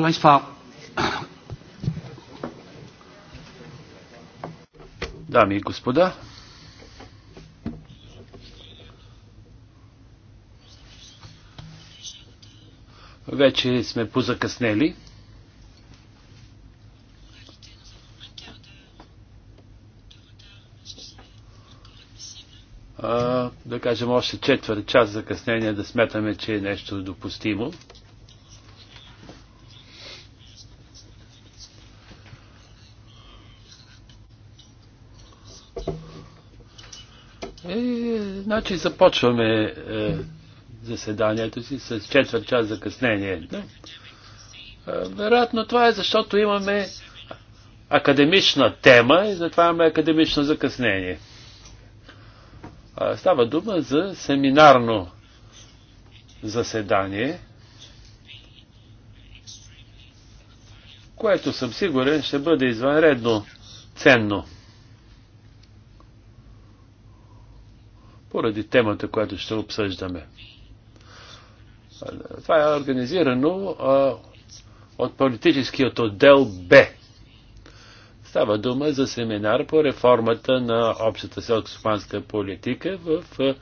Proszę Państwa, Dami i gospoda, вече сме позакъснели. А, да кажем още четвърт час закъснение да сметаме, че е нещо допустимо. Значи започваме е, заседанието си с четвърт час закъснение. Да? Е, вероятно това е защото имаме академична тема и затова имаме академично закъснение. Е, става дума за семинарно заседание, което съм сигурен ще бъде извънредно ценно. поради темата, която ще обсъждаме. Това е организирано а, от политическият отдел Б. Става дума за семинар по реформата на общата селско-стопанска политика в а,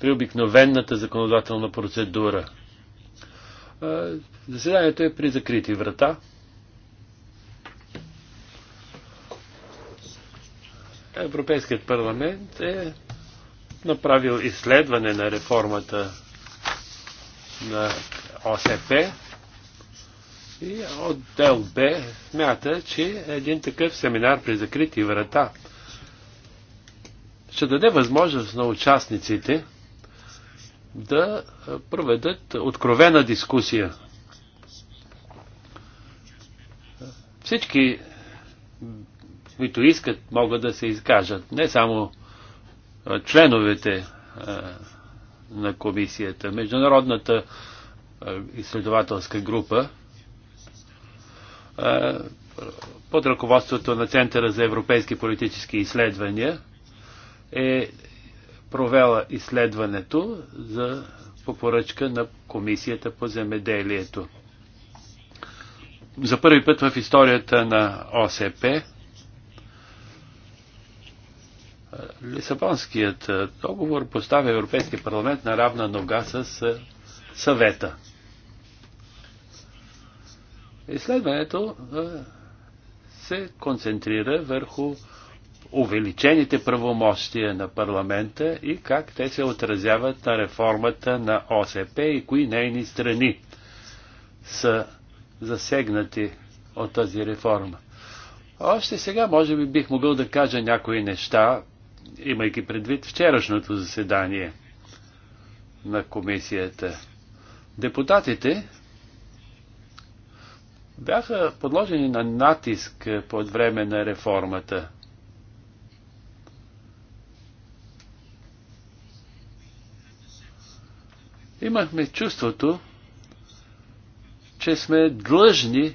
при законодателна процедура. А, заседанието е при закрити врата. Европейският парламент е направил изследване на реформата на ОСП и отдел Б смята, че един такъв семинар при закрити врата ще даде възможност на участниците да проведат откровена дискусия. Всички, които искат, могат да се изкажат. Не само членовете на комисията. Международната изследователска група под ръководството на Центъра за европейски политически изследвания е провела изследването за, попоръчка на Комисията по земеделието. За първи път в историята на ОСП Лисабонският договор поставя Европейския парламент на равна нога с съвета. Изследването се концентрира върху увеличените правомощия на парламента и как те се отразяват на реформата на ОСП и кои нейни страни са засегнати от тази реформа. Още сега, може би, бих могъл да кажа някои неща имайки предвид вчерашното заседание на комисията. Депутатите бяха подложени на натиск под време на реформата. Имахме чувството, че сме длъжни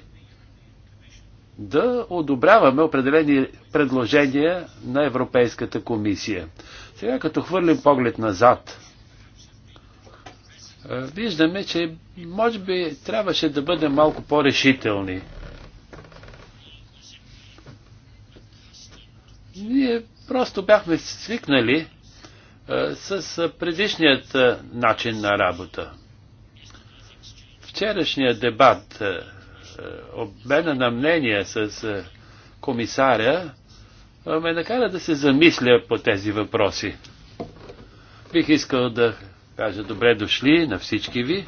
да одобряваме определени предложения на Европейската комисия. Сега като хвърлим поглед назад, е, виждаме, че може би трябваше да бъдем малко по-решителни. Ние просто бяхме свикнали е, с предишният е, начин на работа. Вчерашният дебат обмена на мнения с е, комисаря ме накара да се замисля по тези въпроси. Бих искал да кажа добре дошли на всички ви,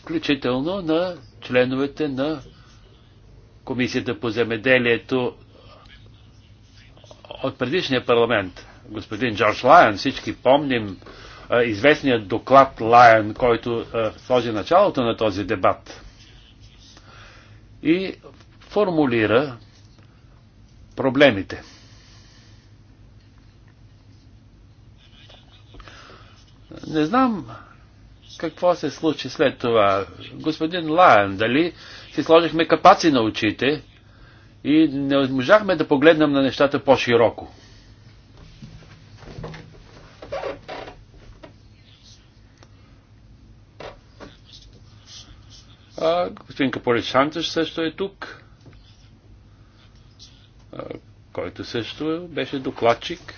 включително на членовете на Комисията по земеделието от предишния парламент. Господин Джордж Лайон, всички помним известният доклад Лайен, който сложи началото на този дебат и формулира проблемите. Не знам какво се случи след това. Господин Лайен, дали си сложихме капаци на очите и не можахме да погледнем на нещата по-широко. А, господин Каполи Сантеш също е тук, а, който също беше докладчик.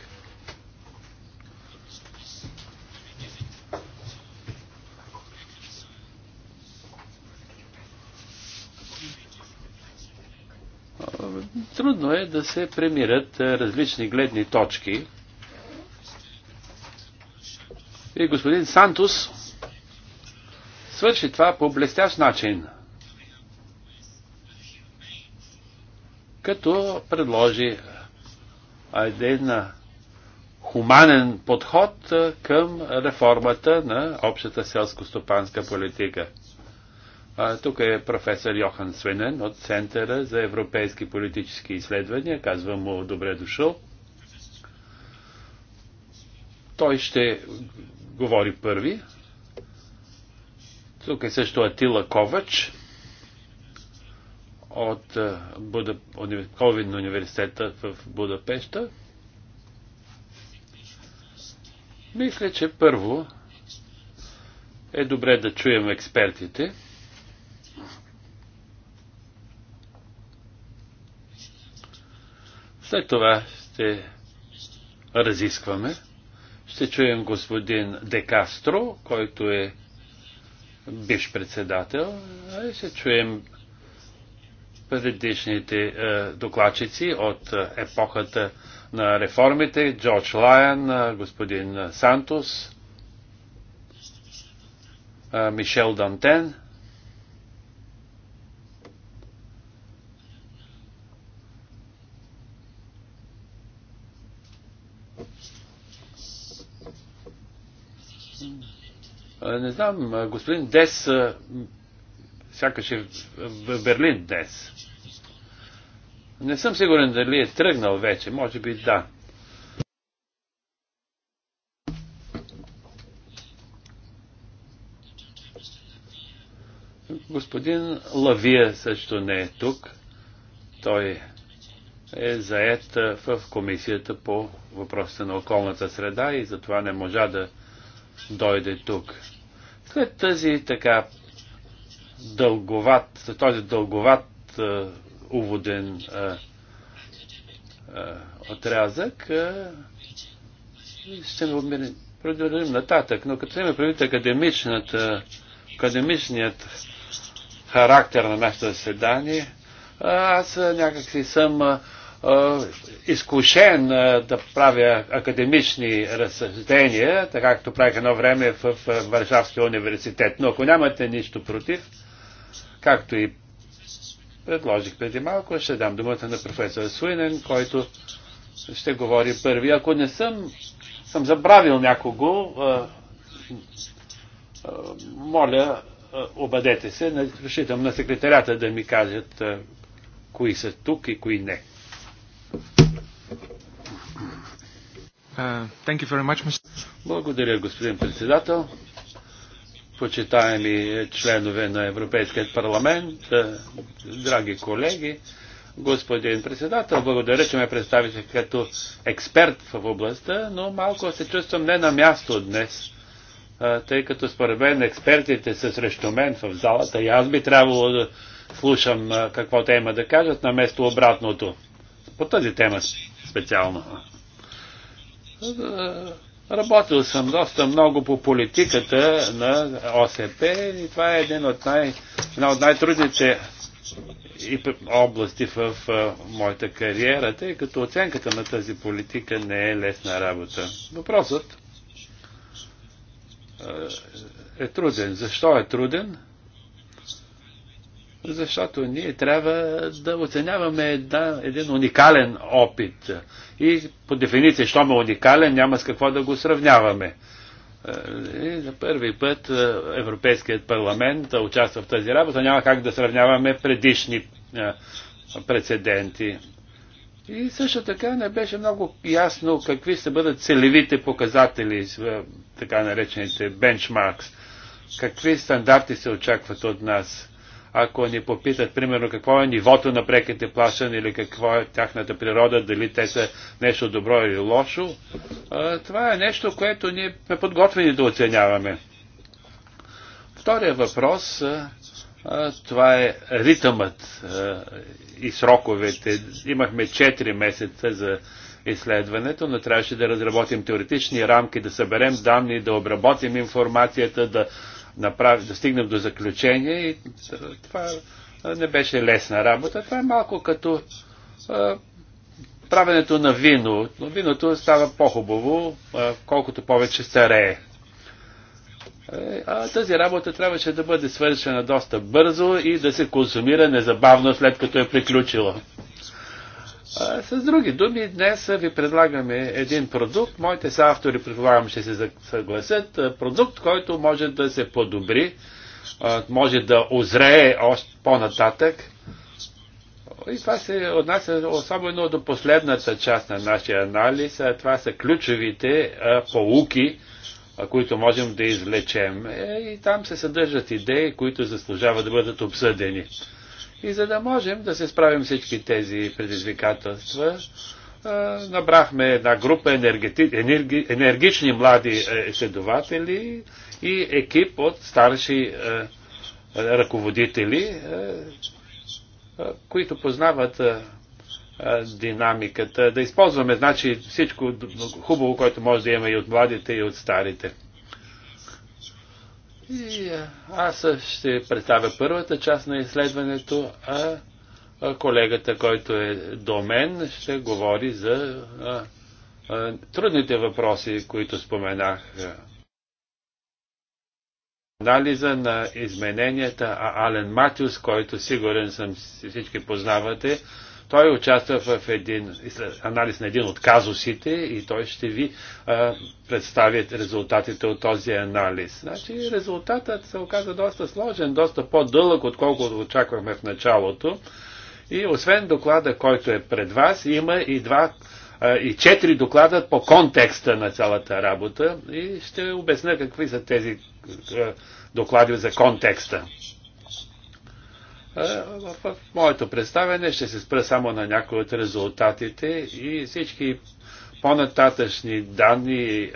трудно е да се премират различни гледни точки. И господин Сантус свърши това по блестящ начин. Като предложи един хуманен подход към реформата на общата селско-стопанска политика. А, тук е професор Йохан Свенен от Центъра за европейски политически изследвания. Казвам му добре дошъл. Той ще говори първи. Тук е също Атила Ковач от е, Буда, на университета в Будапешта. Мисля, че първо е добре да чуем експертите. След това ще разискваме. Ще чуем господин Декастро, който е бивш председател. Ще чуем предишните е, докладчици от е, епохата на реформите. Джордж Лайан, е, господин Сантос, Мишел Дантен. Е, не знам, е, господин Дес, е, сякаш е в Берлин днес. Не съм сигурен дали е тръгнал вече, може би да. Господин Лавия също не е тук. Той е заед в комисията по въпросите на околната среда и затова не можа да дойде тук. След тази така дълговат, този дълговат а, уводен а, а, отрязък, а, ще ме продължим нататък. Но като има предвид академичната, академичният характер на нашето заседание, аз някакси съм изкушен да правя академични разсъждения, така както правих едно време в Варшавския университет. Но ако нямате нищо против, както и предложих преди малко, ще дам думата на професор Суинен, който ще говори първи. Ако не съм, съм забравил някого, моля, обадете се, разчитам на секретарята да ми кажат кои са тук и кои не. Uh, much, Благодаря, господин председател. Почитаеми членове на Европейския парламент, е, драги колеги, господин председател, благодаря, че ме представите като експерт в областта, но малко се чувствам не на място днес, е, тъй като според мен експертите са срещу мен в залата и аз би трябвало да слушам е, какво те има да кажат, наместо обратното по тази тема специално. Работил съм доста много по политиката на ОСП и това е един от най, една от най-трудните области в моята кариера, тъй като оценката на тази политика не е лесна работа. Въпросът е, е труден. Защо е труден? защото ние трябва да оценяваме една, един уникален опит. И по дефиниция, щом е уникален, няма с какво да го сравняваме. Е, и за първи път е, Европейският парламент участва в тази работа. Няма как да сравняваме предишни е, прецеденти. И също така не беше много ясно какви ще бъдат целевите показатели, така наречените бенчмаркс. Какви стандарти се очакват от нас ако ни попитат, примерно, какво е нивото на преките плащания или какво е тяхната природа, дали те са нещо добро или лошо, това е нещо, което ние сме подготвени да оценяваме. Втория въпрос, това е ритъмът и сроковете. Имахме 4 месеца за изследването, но трябваше да разработим теоретични рамки, да съберем данни, да обработим информацията, да направим, да стигнем до заключение и това не беше лесна работа. Това е малко като а, правенето на вино. Но виното става по-хубаво, колкото повече старее. Е, а тази работа трябваше да бъде свършена доста бързо и да се консумира незабавно след като е приключила с други думи, днес ви предлагаме един продукт. Моите автори, предполагам, ще се съгласят. Продукт, който може да се подобри, може да озрее още по-нататък. И това се отнася особено до последната част на нашия анализ. Това са ключовите полуки, които можем да извлечем. Е, и там се съдържат идеи, които заслужават да бъдат обсъдени. И за да можем да се справим всички тези предизвикателства, набрахме една група енергети... енерги... енергични млади изследователи е, и екип от старши е, ръководители, е, които познават динамиката. Да използваме, значи, всичко хубаво, което може да има и от младите, и от старите. И аз ще представя първата част на изследването, а колегата, който е до мен, ще говори за трудните въпроси, които споменах. Анализа на измененията, а Ален Матиус, който сигурен съм всички познавате, той участва в един анализ на един от казусите и той ще ви а, представи резултатите от този анализ. Значи резултатът се оказа доста сложен, доста по-дълъг, отколкото очаквахме в началото. И освен доклада, който е пред вас, има и два и четири доклада по контекста на цялата работа и ще обясня какви са тези доклади за контекста. Е, в моето представяне ще се спра само на някои от резултатите и всички по-нататъчни данни е,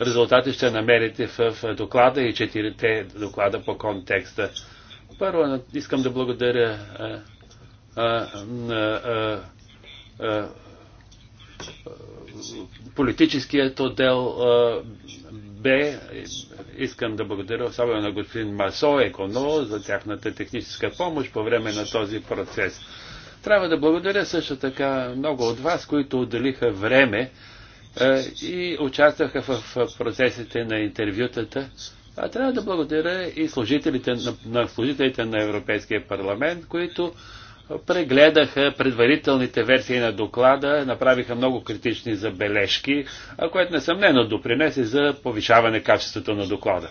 резултати ще намерите в доклада и четирите доклада по контекста. Първо искам да благодаря е, на политическият отдел, Б, искам да благодаря особено на господин Масо Еконо за тяхната техническа помощ по време на този процес. Трябва да благодаря също така много от вас, които отделиха време е, и участваха в процесите на интервютата. А трябва да благодаря и служителите, на, на служителите на Европейския парламент, които прегледаха предварителните версии на доклада, направиха много критични забележки, което несъмнено допринесе за повишаване качеството на доклада.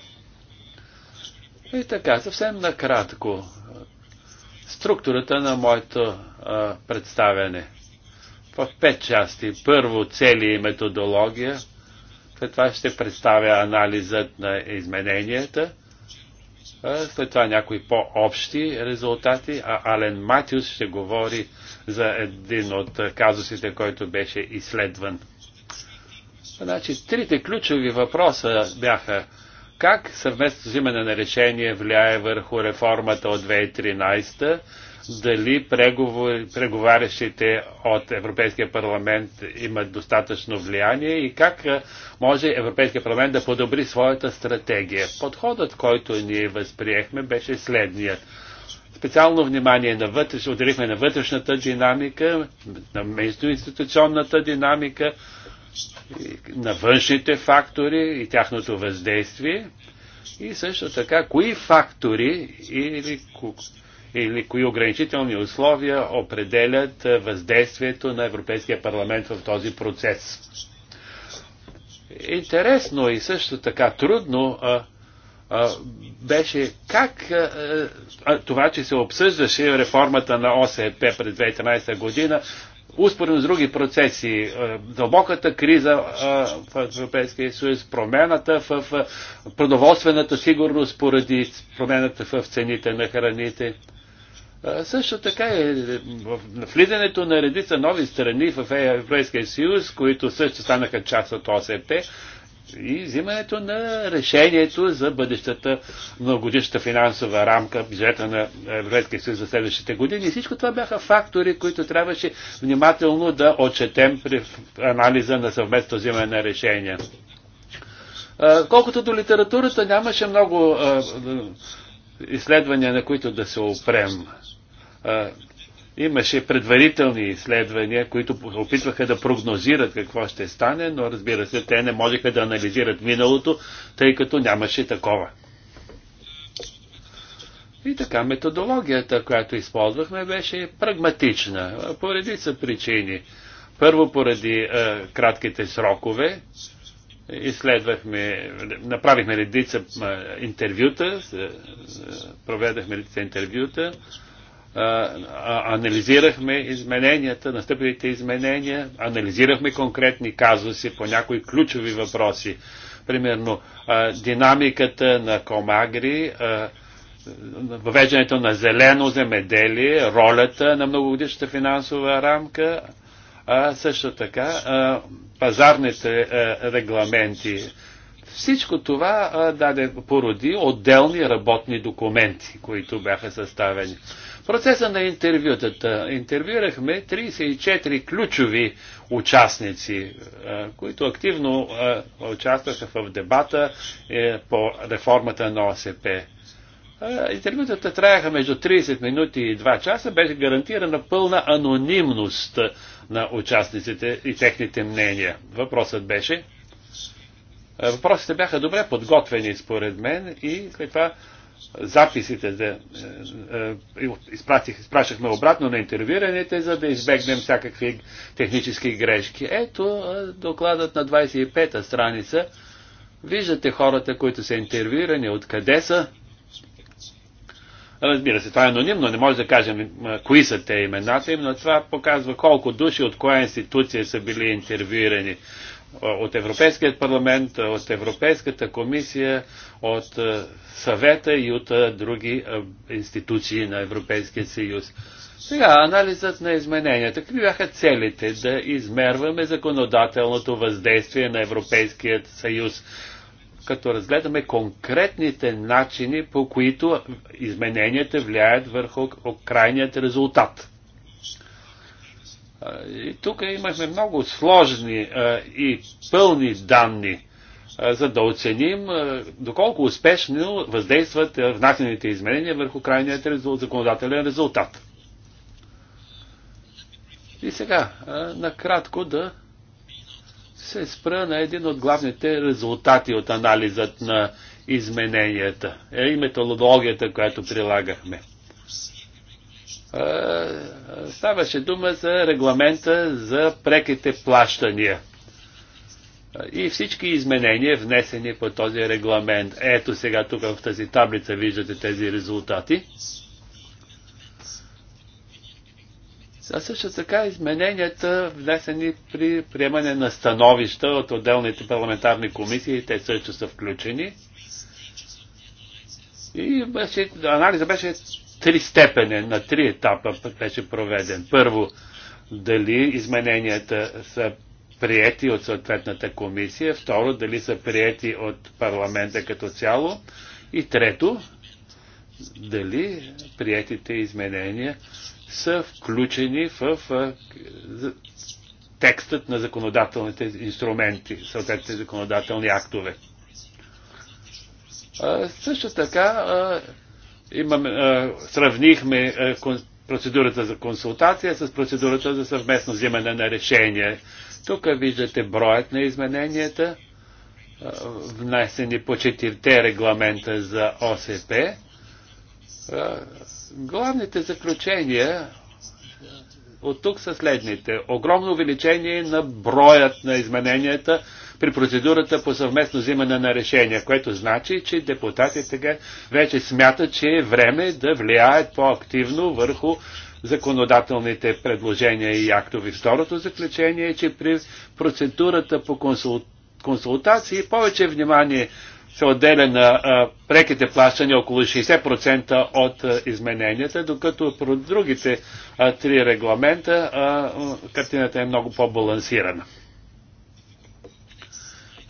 И така, съвсем накратко, структурата на моето а, представяне. В пет части. Първо цели и методология, след това ще представя анализът на измененията – след това някои по-общи резултати, а Ален Матиус ще говори за един от казусите, който беше изследван. Значи, трите ключови въпроса бяха как съвместно взимане на решение влияе върху реформата от 2013 дали преговарящите от Европейския парламент имат достатъчно влияние и как може Европейския парламент да подобри своята стратегия. Подходът, който ние възприехме, беше следният. Специално внимание на вътреш, отделихме на вътрешната динамика, на междуинституционната динамика, на външните фактори и тяхното въздействие. И също така, кои фактори или или кои ограничителни условия определят е, въздействието на Европейския парламент в този процес. Интересно и също така трудно а, а, беше как а, е, е, а, това, че се обсъждаше реформата на ОСП през 2013 година, успорено с други процеси, дълбоката криза в Европейския съюз, промената в продоволствената сигурност поради промената в цените на храните, също така е влизането на редица нови страни в е, Европейския съюз, които също станаха част от ОСП и взимането на решението за бъдещата многогодишната финансова рамка, бюджета на Европейския съюз за следващите години. И всичко това бяха фактори, които трябваше внимателно да отчетем при анализа на съвместно взимане на решения. Колкото до литературата, нямаше много изследвания, на които да се опрем. Имаше предварителни изследвания, които опитваха да прогнозират какво ще стане, но разбира се, те не можеха да анализират миналото, тъй като нямаше такова. И така методологията, която използвахме, беше прагматична по редица причини. Първо поради е, кратките срокове, изследвахме, направихме редица интервюта, проведахме редица интервюта, анализирахме измененията, настъпилите изменения, анализирахме конкретни казуси по някои ключови въпроси. Примерно, динамиката на Комагри, въвеждането на зелено земеделие, ролята на многогодишната финансова рамка, а също така а, пазарните а, регламенти. Всичко това а, даде, породи отделни работни документи, които бяха съставени. В процеса на интервютата интервюрахме 34 ключови участници, а, които активно а, участваха в дебата е, по реформата на ОСП. Интервютата траяха между 30 минути и 2 часа, беше гарантирана пълна анонимност на участниците и техните мнения. Въпросът беше. Въпросите бяха добре подготвени според мен и след това записите да е, е, е, изпращахме обратно на интервюираните, за да избегнем всякакви технически грешки. Ето докладът на 25-та страница. Виждате хората, които са интервюирани, откъде са, Разбира се, това е анонимно, не може да кажем кои са те имената им, но това показва колко души от коя институция са били интервюирани. От Европейският парламент, от Европейската комисия, от е, съвета и от е, други е, институции на Европейския съюз. Сега анализът на измененията. Какви бяха целите да измерваме законодателното въздействие на Европейският съюз като разгледаме конкретните начини, по които измененията влияят върху крайният резултат. И тук имахме много сложни и пълни данни, за да оценим доколко успешно въздействат внасените изменения върху крайният законодателен резултат. И сега, накратко да се спра на един от главните резултати от анализът на измененията е, и методологията, която прилагахме. Е, ставаше дума за регламента за преките плащания и всички изменения, внесени по този регламент. Ето сега тук в тази таблица виждате тези резултати. а също така измененията внесени при приемане на становища от отделните парламентарни комисии, те също са включени. И беше, анализа беше три степени, на три етапа беше проведен. Първо, дали измененията са приети от съответната комисия, второ, дали са приети от парламента като цяло и трето, дали приетите изменения са включени в текстът на законодателните инструменти, съответните законодателни актове. Също така а, сравнихме процедурата за консултация с процедурата за съвместно взимане на решение. Тук виждате броят на измененията, внесени по четирите регламента за ОСП Главните заключения от тук са следните. Огромно увеличение на броят на измененията при процедурата по съвместно взимане на решения, което значи, че депутатите вече смятат, че е време да влияят по-активно върху законодателните предложения и актови. Второто заключение е, че при процедурата по консултации повече внимание се отделя на преките плащания около 60% от измененията, докато про другите три регламента картината е много по-балансирана.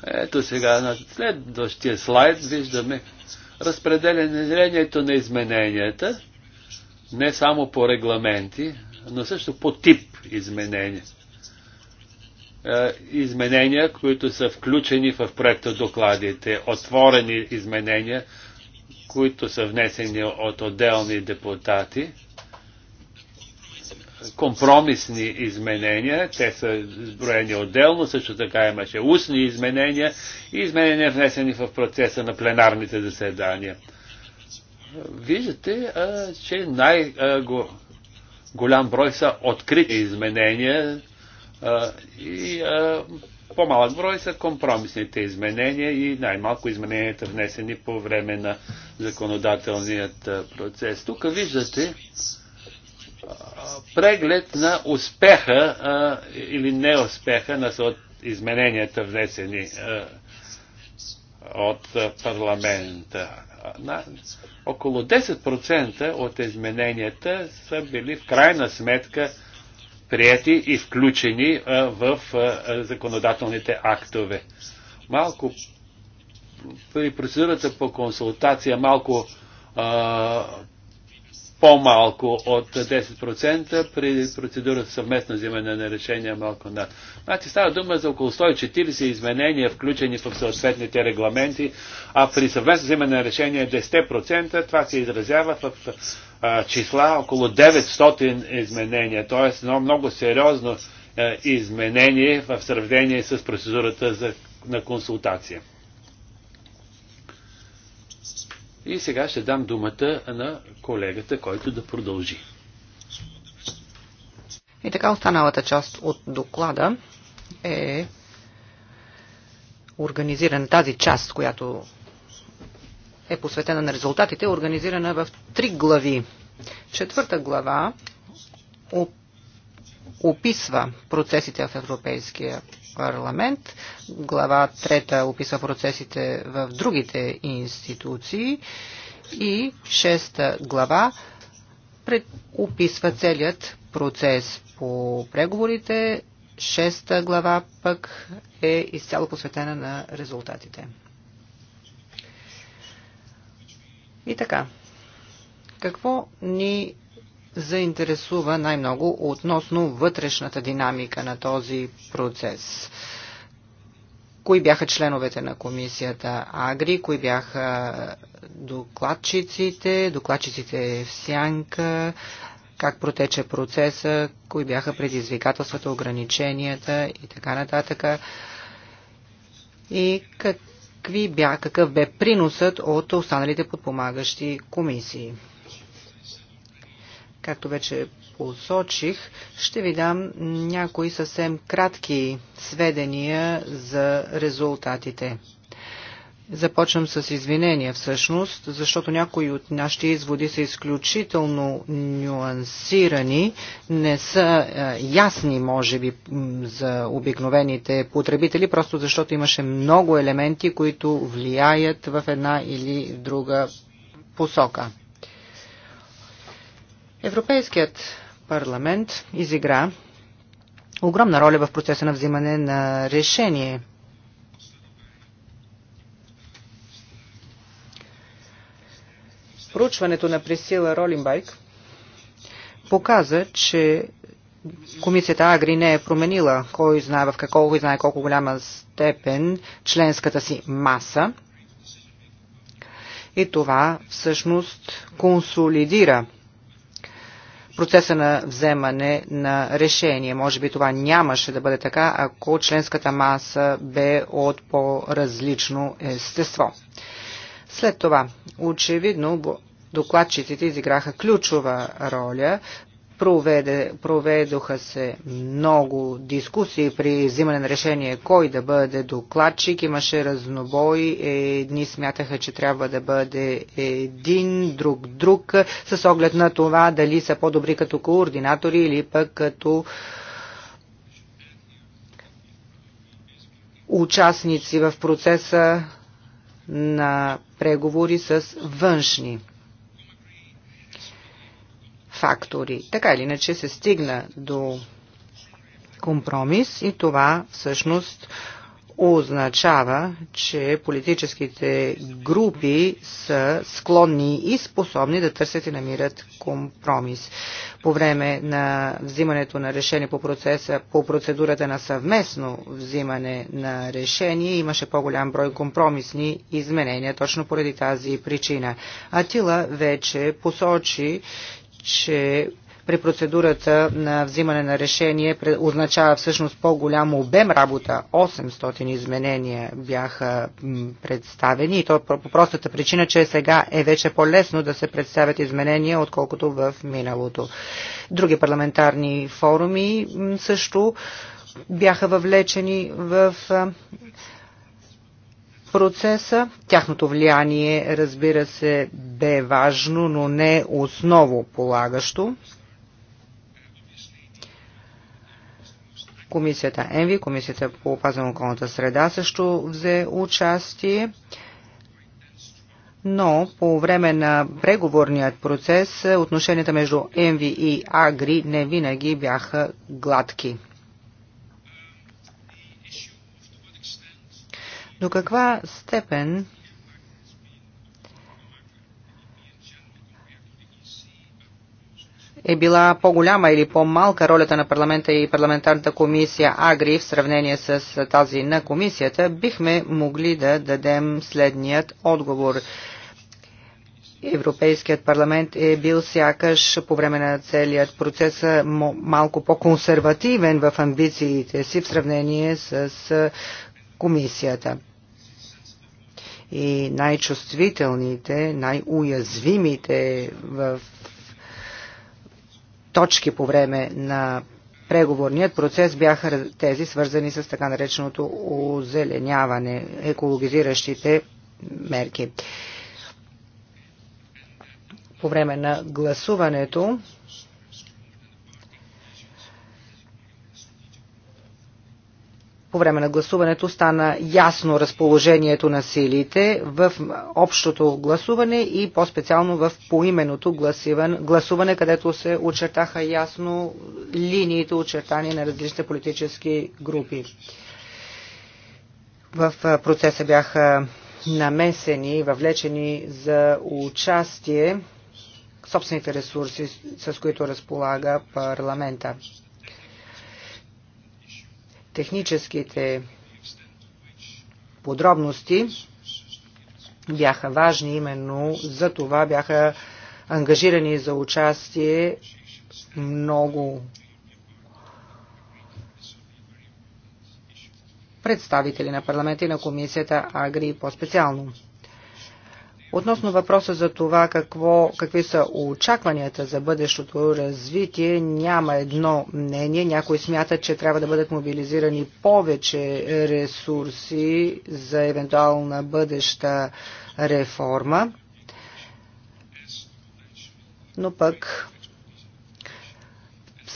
Ето сега на следващия слайд виждаме разпределението на измененията, не само по регламенти, но също по тип изменения. Е, изменения, които са включени в проекта докладите, отворени изменения, които са внесени от отделни депутати, компромисни изменения, те са изброени отделно, също така имаше устни изменения и изменения внесени в процеса на пленарните заседания. Виждате, че най-голям брой са открити изменения, и по-малък брой са компромисните изменения и най-малко измененията внесени по време на законодателният процес. Тук виждате преглед на успеха а, или неуспеха на измененията внесени а, от парламента. На, около 10% от измененията са били в крайна сметка прияти и включени в законодателните актове. Малко при процедурата по консултация малко по-малко от 10% при процедура съвместно взимане на решение малко на. Значи става дума за около 140 изменения, включени в съответните регламенти, а при съвместно взимане на решение 10%, това се изразява в а, числа около 900 изменения, т.е. едно много сериозно а, е, изменение в сравнение с процедурата за, на консултация. И сега ще дам думата на колегата, който да продължи. И така останалата част от доклада е организирана тази част, която е посветена на резултатите, е организирана в три глави. Четвърта глава описва процесите в Европейския парламент. Глава 3 описва процесите в другите институции и 6 глава описва целият процес по преговорите. Шеста глава пък е изцяло посветена на резултатите. И така, какво ни заинтересува най-много относно вътрешната динамика на този процес. Кои бяха членовете на комисията Агри, кои бяха докладчиците, докладчиците в Сянка, как протече процеса, кои бяха предизвикателствата, ограниченията и така нататък. И какви бя, какъв бе приносът от останалите подпомагащи комисии както вече посочих, ще ви дам някои съвсем кратки сведения за резултатите. Започвам с извинения всъщност, защото някои от нашите изводи са изключително нюансирани, не са е, ясни, може би, за обикновените потребители, просто защото имаше много елементи, които влияят в една или друга посока. Европейският парламент изигра огромна роля в процеса на взимане на решение. Проучването на Присила Ролинбайк показа, че комисията Агри не е променила кой знае в какво, и знае колко голяма степен членската си маса. И това всъщност консолидира процеса на вземане на решение. Може би това нямаше да бъде така, ако членската маса бе от по-различно естество. След това, очевидно, докладчиците изиграха ключова роля Проведе, проведоха се много дискусии при взимане на решение кой да бъде докладчик. Имаше разнобой. Едни смятаха, че трябва да бъде един, друг, друг, с оглед на това дали са по-добри като координатори или пък като участници в процеса на преговори с външни фактори. Така или иначе се стигна до компромис и това всъщност означава, че политическите групи са склонни и способни да търсят и намират компромис. По време на взимането на решение по, процеса, по процедурата на съвместно взимане на решение имаше по-голям брой компромисни изменения, точно поради тази причина. Атила вече посочи, че при процедурата на взимане на решение означава всъщност по-голям обем работа. 800 изменения бяха представени и то по простата причина, че сега е вече по-лесно да се представят изменения, отколкото в миналото. Други парламентарни форуми също бяха въвлечени в процеса. Тяхното влияние, разбира се, бе важно, но не осново полагащо. Комисията ЕНВИ, Комисията по опазване на околната среда също взе участие но по време на преговорният процес отношенията между ЕМВИ и АГРИ не винаги бяха гладки. До каква степен е била по-голяма или по-малка ролята на парламента и парламентарната комисия Агри в сравнение с тази на комисията, бихме могли да дадем следният отговор. Европейският парламент е бил сякаш по време на целият процес малко по-консервативен в амбициите си в сравнение с комисията и най-чувствителните, най-уязвимите в точки по време на преговорният процес бяха тези свързани с така нареченото озеленяване, екологизиращите мерки. По време на гласуването по време на гласуването стана ясно разположението на силите в общото гласуване и по-специално в поименото гласуване, където се очертаха ясно линиите очертани на различните политически групи. В процеса бяха намесени, въвлечени за участие собствените ресурси, с които разполага парламента техническите подробности бяха важни, именно за това бяха ангажирани за участие много представители на парламента и на комисията Агри по-специално. Относно въпроса за това какво, какви са очакванията за бъдещото развитие, няма едно мнение. Някои смятат, че трябва да бъдат мобилизирани повече ресурси за евентуална бъдеща реформа. Но пък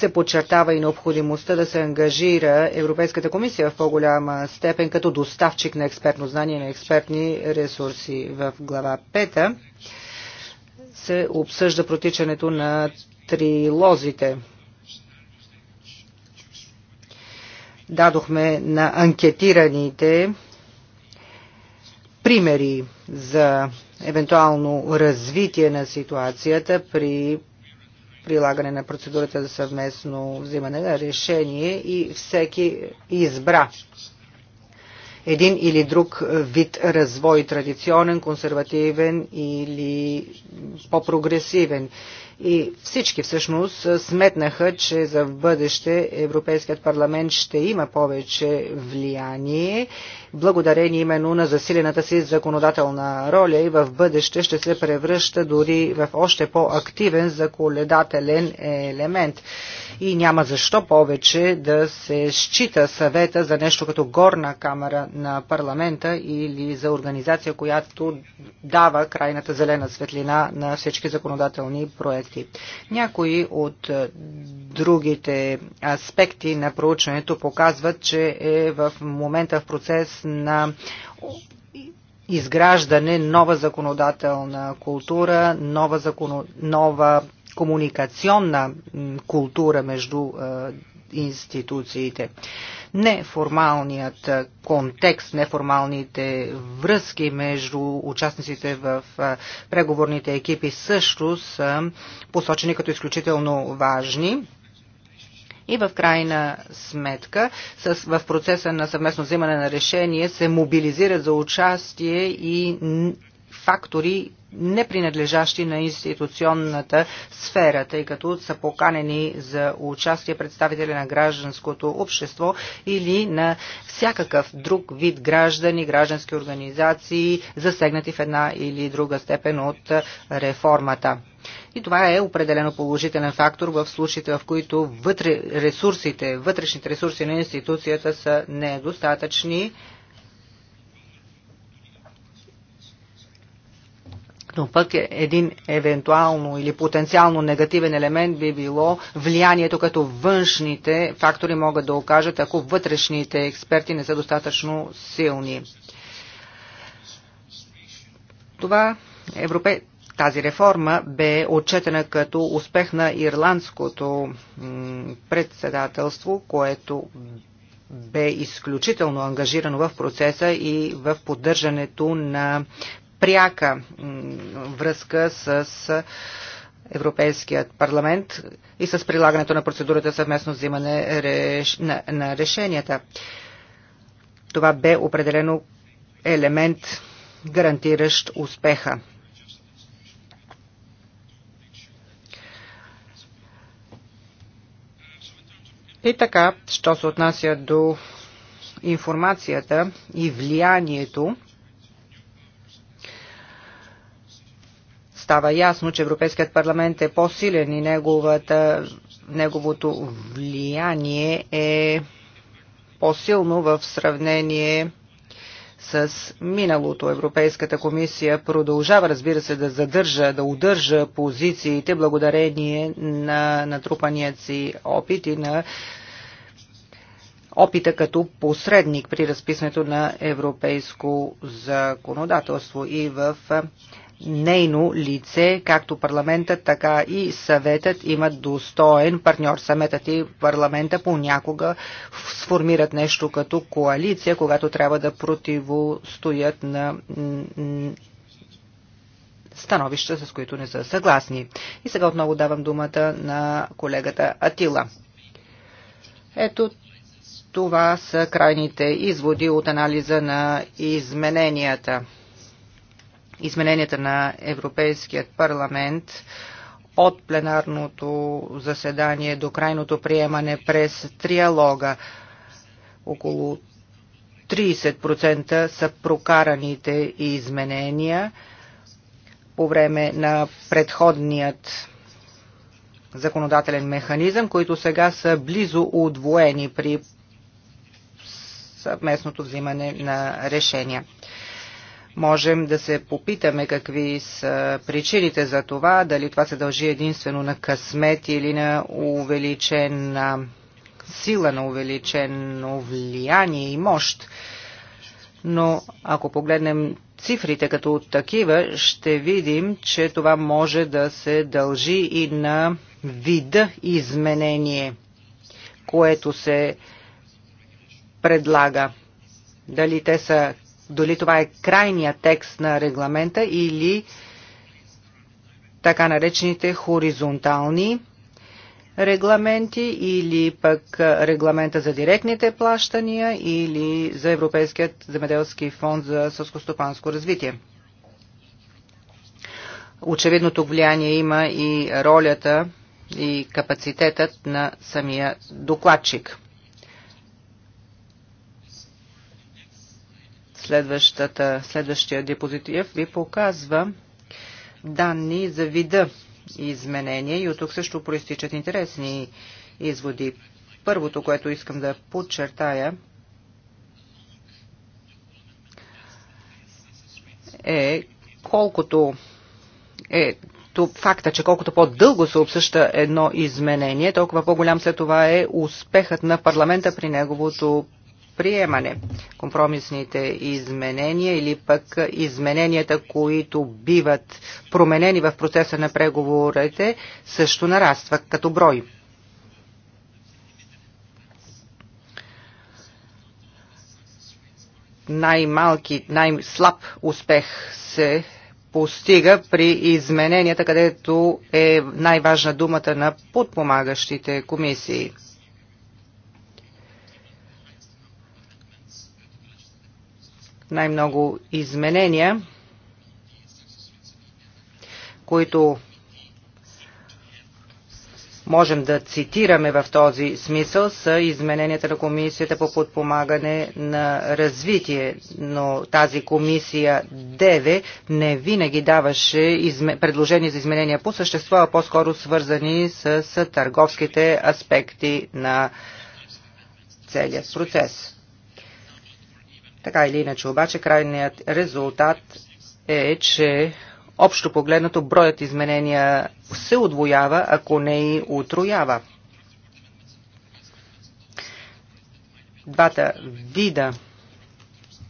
се подчертава и необходимостта да се ангажира Европейската комисия в по-голяма степен като доставчик на експертно знание на експертни ресурси. В глава 5 се обсъжда протичането на трилозите. Дадохме на анкетираните примери за евентуално развитие на ситуацията при прилагане на процедурата за съвместно взимане на решение и всеки избра един или друг вид развой, традиционен, консервативен или по-прогресивен. И всички всъщност сметнаха, че за бъдеще Европейският парламент ще има повече влияние благодарение именно на засилената си законодателна роля и в бъдеще ще се превръща дори в още по-активен законодателен елемент. И няма защо повече да се счита съвета за нещо като горна камера на парламента или за организация, която дава крайната зелена светлина на всички законодателни проекти. Някои от другите аспекти на проучването показват, че е в момента в процес на изграждане нова законодателна култура, нова, законо... нова комуникационна култура между институциите. Неформалният контекст, неформалните връзки между участниците в преговорните екипи също са посочени като изключително важни и в крайна сметка, с, в процеса на съвместно взимане на решение се мобилизират за участие и фактори, не принадлежащи на институционната сфера, тъй като са поканени за участие представители на гражданското общество или на всякакъв друг вид граждани, граждански организации, засегнати в една или друга степен от реформата. И това е определено положителен фактор в случаите, в които вътре ресурсите, вътрешните ресурси на институцията са недостатъчни но пък един евентуално или потенциално негативен елемент би било влиянието, като външните фактори могат да окажат, ако вътрешните експерти не са достатъчно силни. Това европе... Тази реформа бе отчетена като успех на ирландското председателство, което бе изключително ангажирано в процеса и в поддържането на пряка връзка с Европейският парламент и с прилагането на процедурата съвместно взимане на решенията. Това бе определено елемент, гарантиращ успеха. И така, що се отнася до информацията и влиянието, става ясно, че Европейският парламент е по-силен и неговата, неговото влияние е по-силно в сравнение с миналото. Европейската комисия продължава, разбира се, да задържа, да удържа позициите благодарение на натрупаният си опит и на опита като посредник при разписването на европейско законодателство и в нейно лице, както парламентът, така и съветът имат достоен партньор. Съветът и парламента понякога сформират нещо като коалиция, когато трябва да противостоят на становища, с които не са съгласни. И сега отново давам думата на колегата Атила. Ето това са крайните изводи от анализа на измененията измененията на Европейският парламент от пленарното заседание до крайното приемане през триалога. Около 30% са прокараните изменения по време на предходният законодателен механизъм, които сега са близо удвоени при съвместното взимане на решения. Можем да се попитаме какви са причините за това, дали това се дължи единствено на късмет или на увеличена сила, на увеличено влияние и мощ. Но ако погледнем цифрите като такива, ще видим, че това може да се дължи и на вида изменение, което се предлага. Дали те са дали това е крайния текст на регламента или така наречените хоризонтални регламенти или пък регламента за директните плащания или за Европейският земеделски фонд за съскостопанско развитие. Очевидно тук влияние има и ролята и капацитетът на самия докладчик. Следващата, следващия депозитив ви показва данни за вида изменения и от тук също проистичат интересни изводи. Първото, което искам да подчертая, е колкото е факта, че колкото по-дълго се обсъща едно изменение, толкова по-голям след това е успехът на парламента при неговото приемане. Компромисните изменения или пък измененията, които биват променени в процеса на преговорите, също нараства като брой. Най-малки, най-слаб успех се постига при измененията, където е най-важна думата на подпомагащите комисии. най-много изменения, които можем да цитираме в този смисъл са измененията на Комисията по подпомагане на развитие, но тази комисия ДЕВЕ не винаги даваше изме... предложения за изменения по същество, а по-скоро свързани с търговските аспекти на целият процес. Така или иначе, обаче, крайният резултат е, че общо погледнато броят изменения се отвоява, ако не и утроява. Двата вида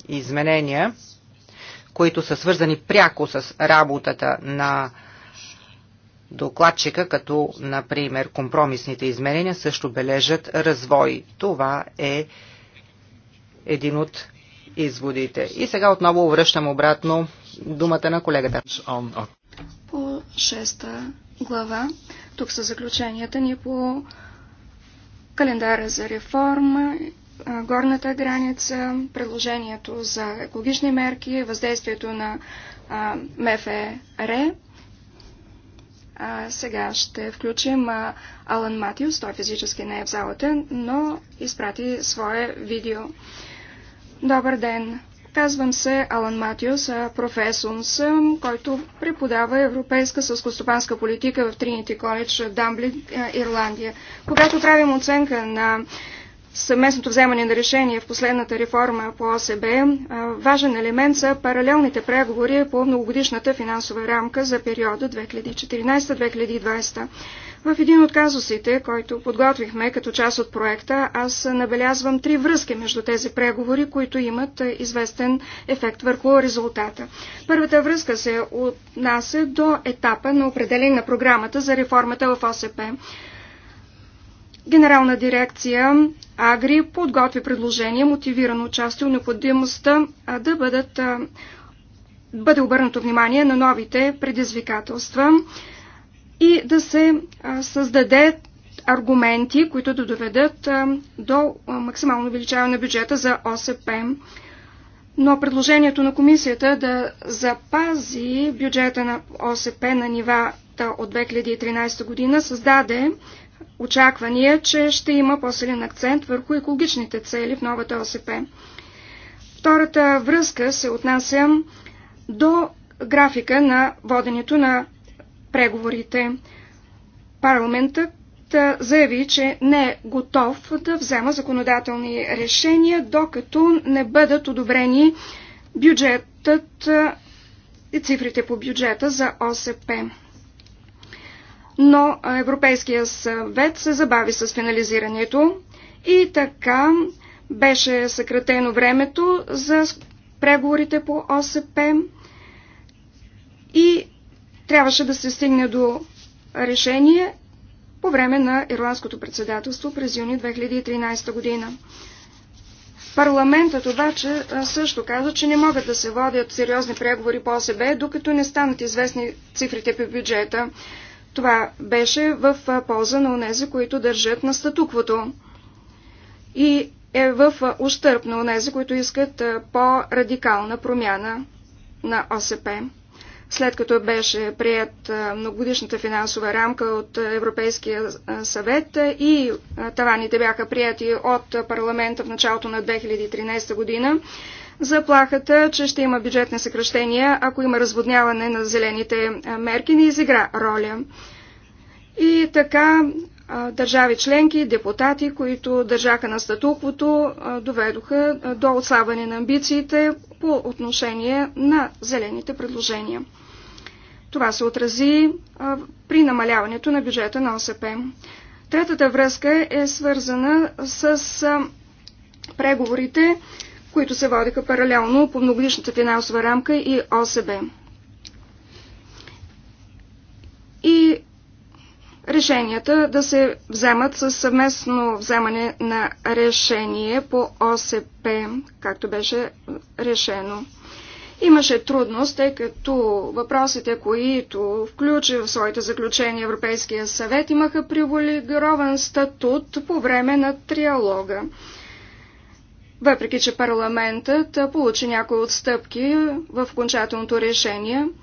изменения, които са свързани пряко с работата на докладчика, като, например, компромисните изменения също бележат развой. Това е един от изводите. И сега отново връщам обратно думата на колегата. По шеста глава, тук са заключенията ни по календара за реформа, горната граница, предложението за екологични мерки, въздействието на МФР. А, сега ще включим а, Алан Матиус, той физически не е в залата, но изпрати свое видео. Добър ден! Казвам се Алан Матиус, професор съм, който преподава европейска съскостопанска политика в Тринити коледж, Дамбли, Ирландия. Когато правим оценка на съвместното вземане на решение в последната реформа по ОСБ, важен елемент са паралелните преговори по многогодишната финансова рамка за периода 2014-2020. В един от казусите, който подготвихме като част от проекта, аз набелязвам три връзки между тези преговори, които имат е, известен ефект върху резултата. Първата връзка се отнася до етапа на определение на програмата за реформата в ОСП. Генерална дирекция Агри подготви предложение, мотивирано участие в необходимостта да бъдат бъде обърнато внимание на новите предизвикателства и да се създаде аргументи, които да доведат до максимално увеличаване на бюджета за ОСП. Но предложението на комисията да запази бюджета на ОСП на нивата от 2013 година създаде очаквания, че ще има по-силен акцент върху екологичните цели в новата ОСП. Втората връзка се отнася до графика на воденето на преговорите. Парламентът заяви, че не е готов да взема законодателни решения, докато не бъдат одобрени бюджетът и цифрите по бюджета за ОСП. Но Европейския съвет се забави с финализирането и така беше съкратено времето за преговорите по ОСП и трябваше да се стигне до решение по време на ирландското председателство през юни 2013 година. Парламентът обаче също каза, че не могат да се водят сериозни преговори по ОСБ, докато не станат известни цифрите по бюджета. Това беше в полза на онези, които държат на статуквото. И е в ущърп на онези, които искат по-радикална промяна на ОСП след като беше прият многогодишната финансова рамка от Европейския съвет и таваните бяха прияти от парламента в началото на 2013 година, заплахата, че ще има бюджетни съкръщения, ако има разводняване на зелените мерки, не изигра роля. И така държави членки, депутати, които държаха на статуквото, доведоха до отслабване на амбициите по отношение на зелените предложения. Това се отрази при намаляването на бюджета на ОСП. Третата връзка е свързана с преговорите, които се водиха паралелно по многогодишната финансова рамка и ОСБ. И решенията да се вземат със съвместно вземане на решение по ОСП, както беше решено. Имаше трудност, тъй като въпросите, които включи в своите заключения Европейския съвет, имаха привилегирован статут по време на триалога. Въпреки, че парламентът получи някои отстъпки в окончателното решение –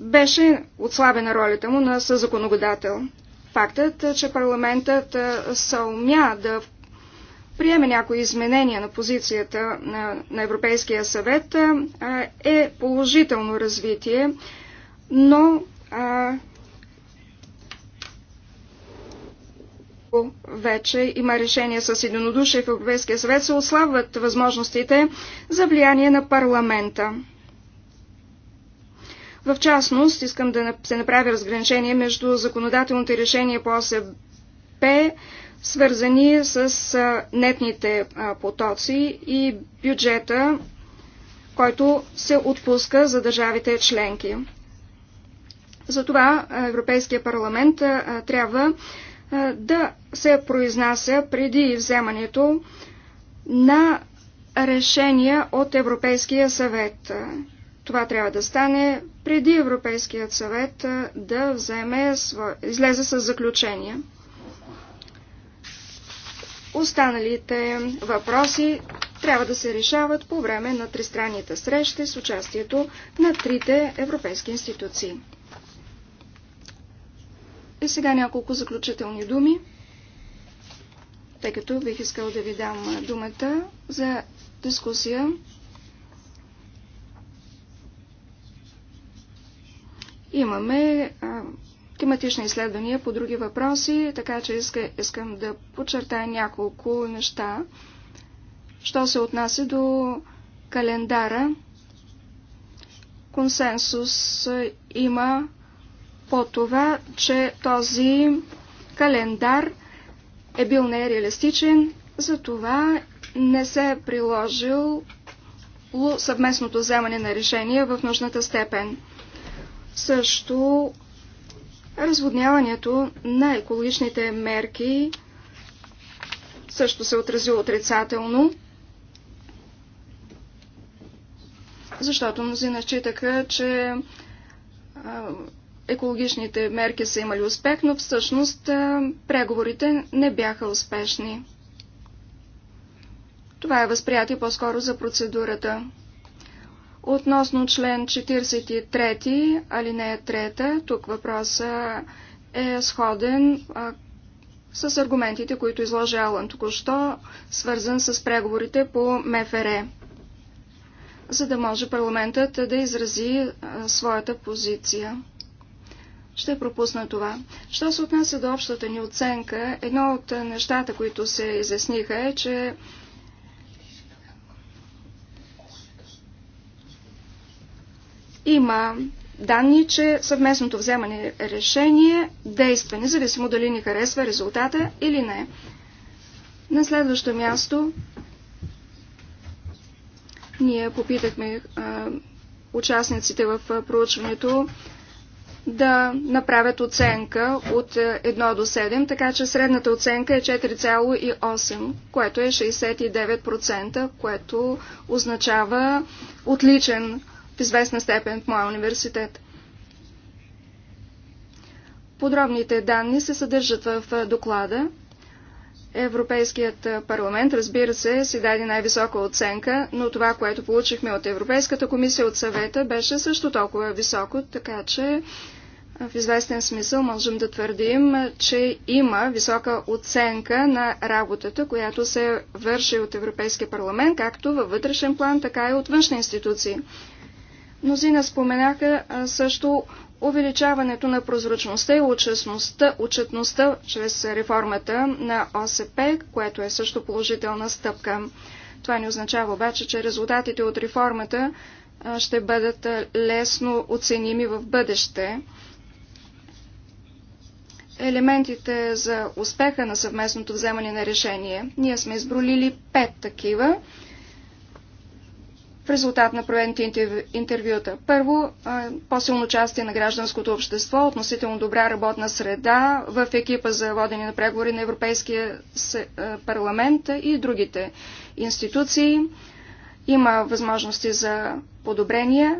беше отслабена ролята му на съзаконогодател. Фактът, е, че парламентът е, съумя да приеме някои изменения на позицията на, на Европейския съвет е, е положително развитие, но а, вече има решение с единодушие в Европейския съвет, се ослабват възможностите за влияние на парламента. В частност, искам да се направи разграничение между законодателните решения по ОСП, свързани с нетните потоци и бюджета, който се отпуска за държавите членки. Затова Европейския парламент трябва да се произнася преди вземането на решения от Европейския съвет. Това трябва да стане преди Европейският съвет да вземе, излезе с заключение. Останалите въпроси трябва да се решават по време на тристранните срещи с участието на трите европейски институции. И сега няколко заключителни думи, тъй като бих искал да ви дам думата за дискусия Имаме а, тематични изследвания по други въпроси, така че иска, искам да подчертая няколко неща. Що се отнася до календара, консенсус има по това, че този календар е бил нереалистичен, затова не се е приложил съвместното вземане на решение в нужната степен също разводняването на екологичните мерки също се отрази отрицателно, защото мнозина считаха, че екологичните мерки са имали успех, но всъщност преговорите не бяха успешни. Това е възприятие по-скоро за процедурата. Относно член 43, алинея 3, тук въпроса е сходен а, с аргументите, които изложи Алан току-що, свързан с преговорите по МФР, за да може парламентът да изрази а, своята позиция. Ще пропусна това. Що се отнася до общата ни оценка, едно от нещата, които се изясниха е, че Има данни, че съвместното вземане решение действа, независимо дали ни харесва резултата или не. На следващо място ние попитахме а, участниците в а, проучването да направят оценка от 1 до 7, така че средната оценка е 4,8, което е 69%, което означава отличен в известна степен в моя университет. Подробните данни се съдържат в доклада. Европейският парламент, разбира се, си даде най-висока оценка, но това, което получихме от Европейската комисия, от съвета, беше също толкова високо, така че в известен смисъл можем да твърдим, че има висока оценка на работата, която се върши от Европейския парламент, както във вътрешен план, така и от външни институции. Мнозина споменаха също увеличаването на прозрачността и отчетността, отчетността чрез реформата на ОСП, което е също положителна стъпка. Това не означава обаче, че резултатите от реформата ще бъдат лесно оценими в бъдеще. Елементите за успеха на съвместното вземане на решение. Ние сме избролили пет такива в резултат на проведените интервюта. Първо, по-силно участие на гражданското общество, относително добра работна среда в екипа за водене на преговори на Европейския парламент и другите институции. Има възможности за подобрения,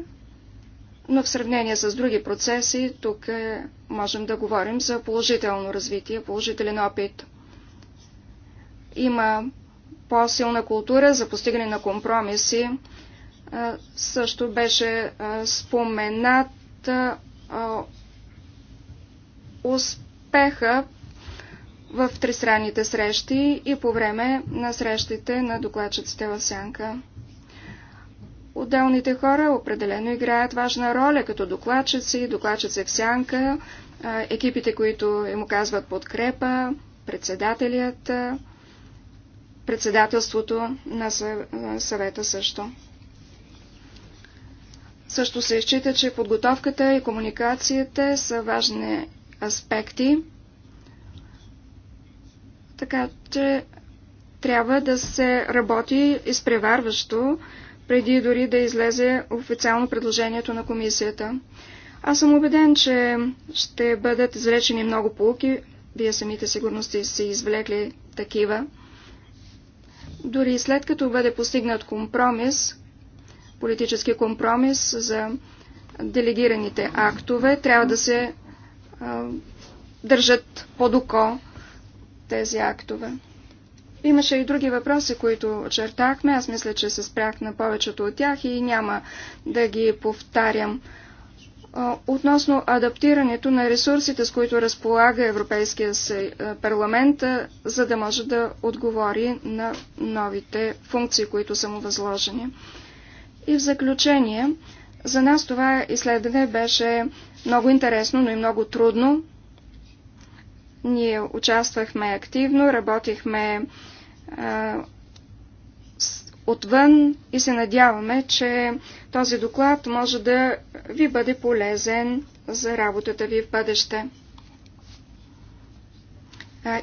но в сравнение с други процеси, тук е, можем да говорим за положително развитие, положителен опит. Има по-силна култура за постигане на компромиси, също беше споменат успеха в тристранните срещи и по време на срещите на докладчиците в Сянка. Отделните хора определено играят важна роля като докладчици, докладчици в Сянка, екипите, които им оказват подкрепа, председателят, председателството на съвета също. Също се счита, че подготовката и комуникацията са важни аспекти, така че трябва да се работи изпреварващо, преди дори да излезе официално предложението на комисията. Аз съм убеден, че ще бъдат изречени много полуки. Вие самите сигурно сте си извлекли такива. Дори след като бъде постигнат компромис, политически компромис за делегираните актове. Трябва да се а, държат под око тези актове. Имаше и други въпроси, които очертахме. Аз мисля, че се спрях на повечето от тях и няма да ги повтарям. Относно адаптирането на ресурсите, с които разполага Европейския парламент, за да може да отговори на новите функции, които са му възложени. И в заключение, за нас това изследване беше много интересно, но и много трудно. Ние участвахме активно, работихме отвън и се надяваме, че този доклад може да ви бъде полезен за работата ви в бъдеще.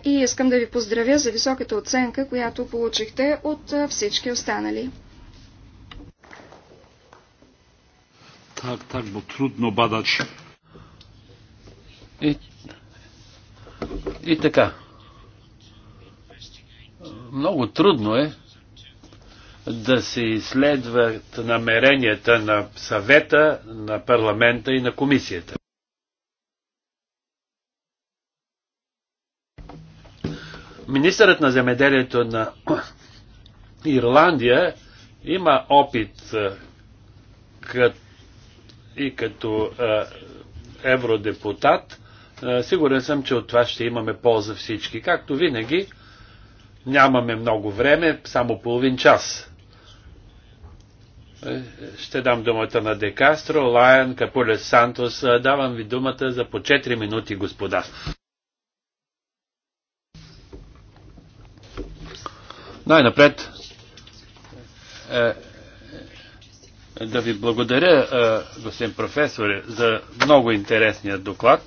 и искам да ви поздравя за високата оценка, която получихте от всички останали. tak, tak, bo трудно badać. И, и така. Много трудно е да се изследват намеренията на съвета, на парламента и на комисията. Министърът на земеделието на Ирландия има опит като и като евродепутат, сигурен съм, че от това ще имаме полза всички. Както винаги, нямаме много време, само половин час. Е, ще дам думата на Декастро, Лайан, Капулес Сантос. Давам ви думата за по 4 минути, господа. Най-напред е, да ви благодаря, господин професоре, за много интересния доклад.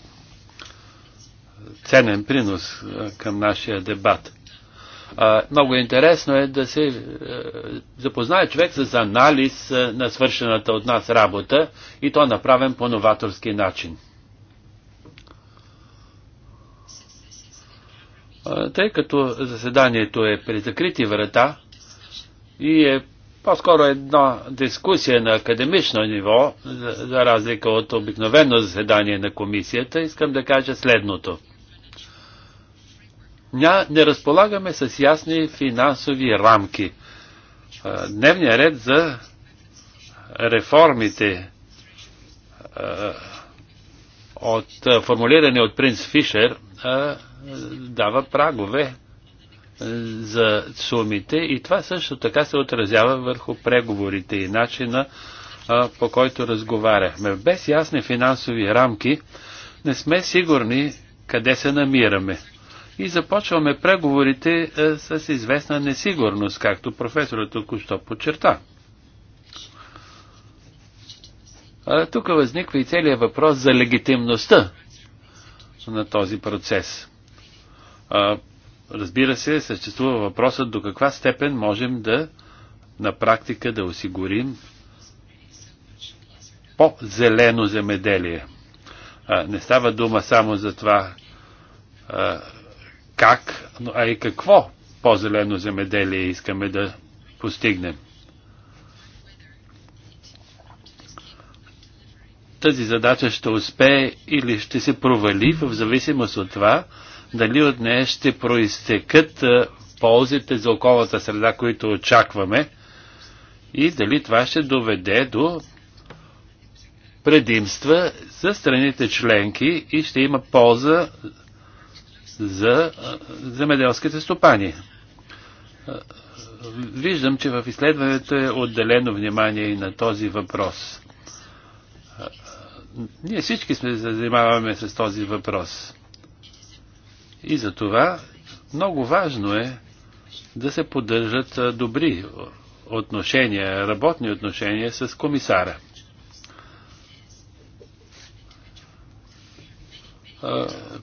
Ценен принос към нашия дебат. Много интересно е да се запознае човек с анализ на свършената от нас работа и то направен по новаторски начин. Тъй като заседанието е при закрити врата и е по-скоро една дискусия на академично ниво, за, разлика от обикновено заседание на комисията, искам да кажа следното. Ня, не разполагаме с ясни финансови рамки. Дневният ред за реформите от, формулирани от принц Фишер дава прагове за сумите и това също така се отразява върху преговорите и начина по който разговаряхме. Без ясни финансови рамки не сме сигурни къде се намираме. И започваме преговорите с известна несигурност, както професорът току-що подчерта. Тук възниква и целият въпрос за легитимността на този процес разбира се, съществува въпросът до каква степен можем да на практика да осигурим по-зелено земеделие. А, не става дума само за това а, как, а и какво по-зелено земеделие искаме да постигнем. Тази задача ще успее или ще се провали в зависимост от това дали от нея ще проистекат ползите за околната среда, които очакваме и дали това ще доведе до предимства за страните членки и ще има полза за земеделските стопани. Виждам, че в изследването е отделено внимание и на този въпрос. Ние всички сме занимаваме с този въпрос. И за това много важно е да се поддържат добри отношения, работни отношения с комисара.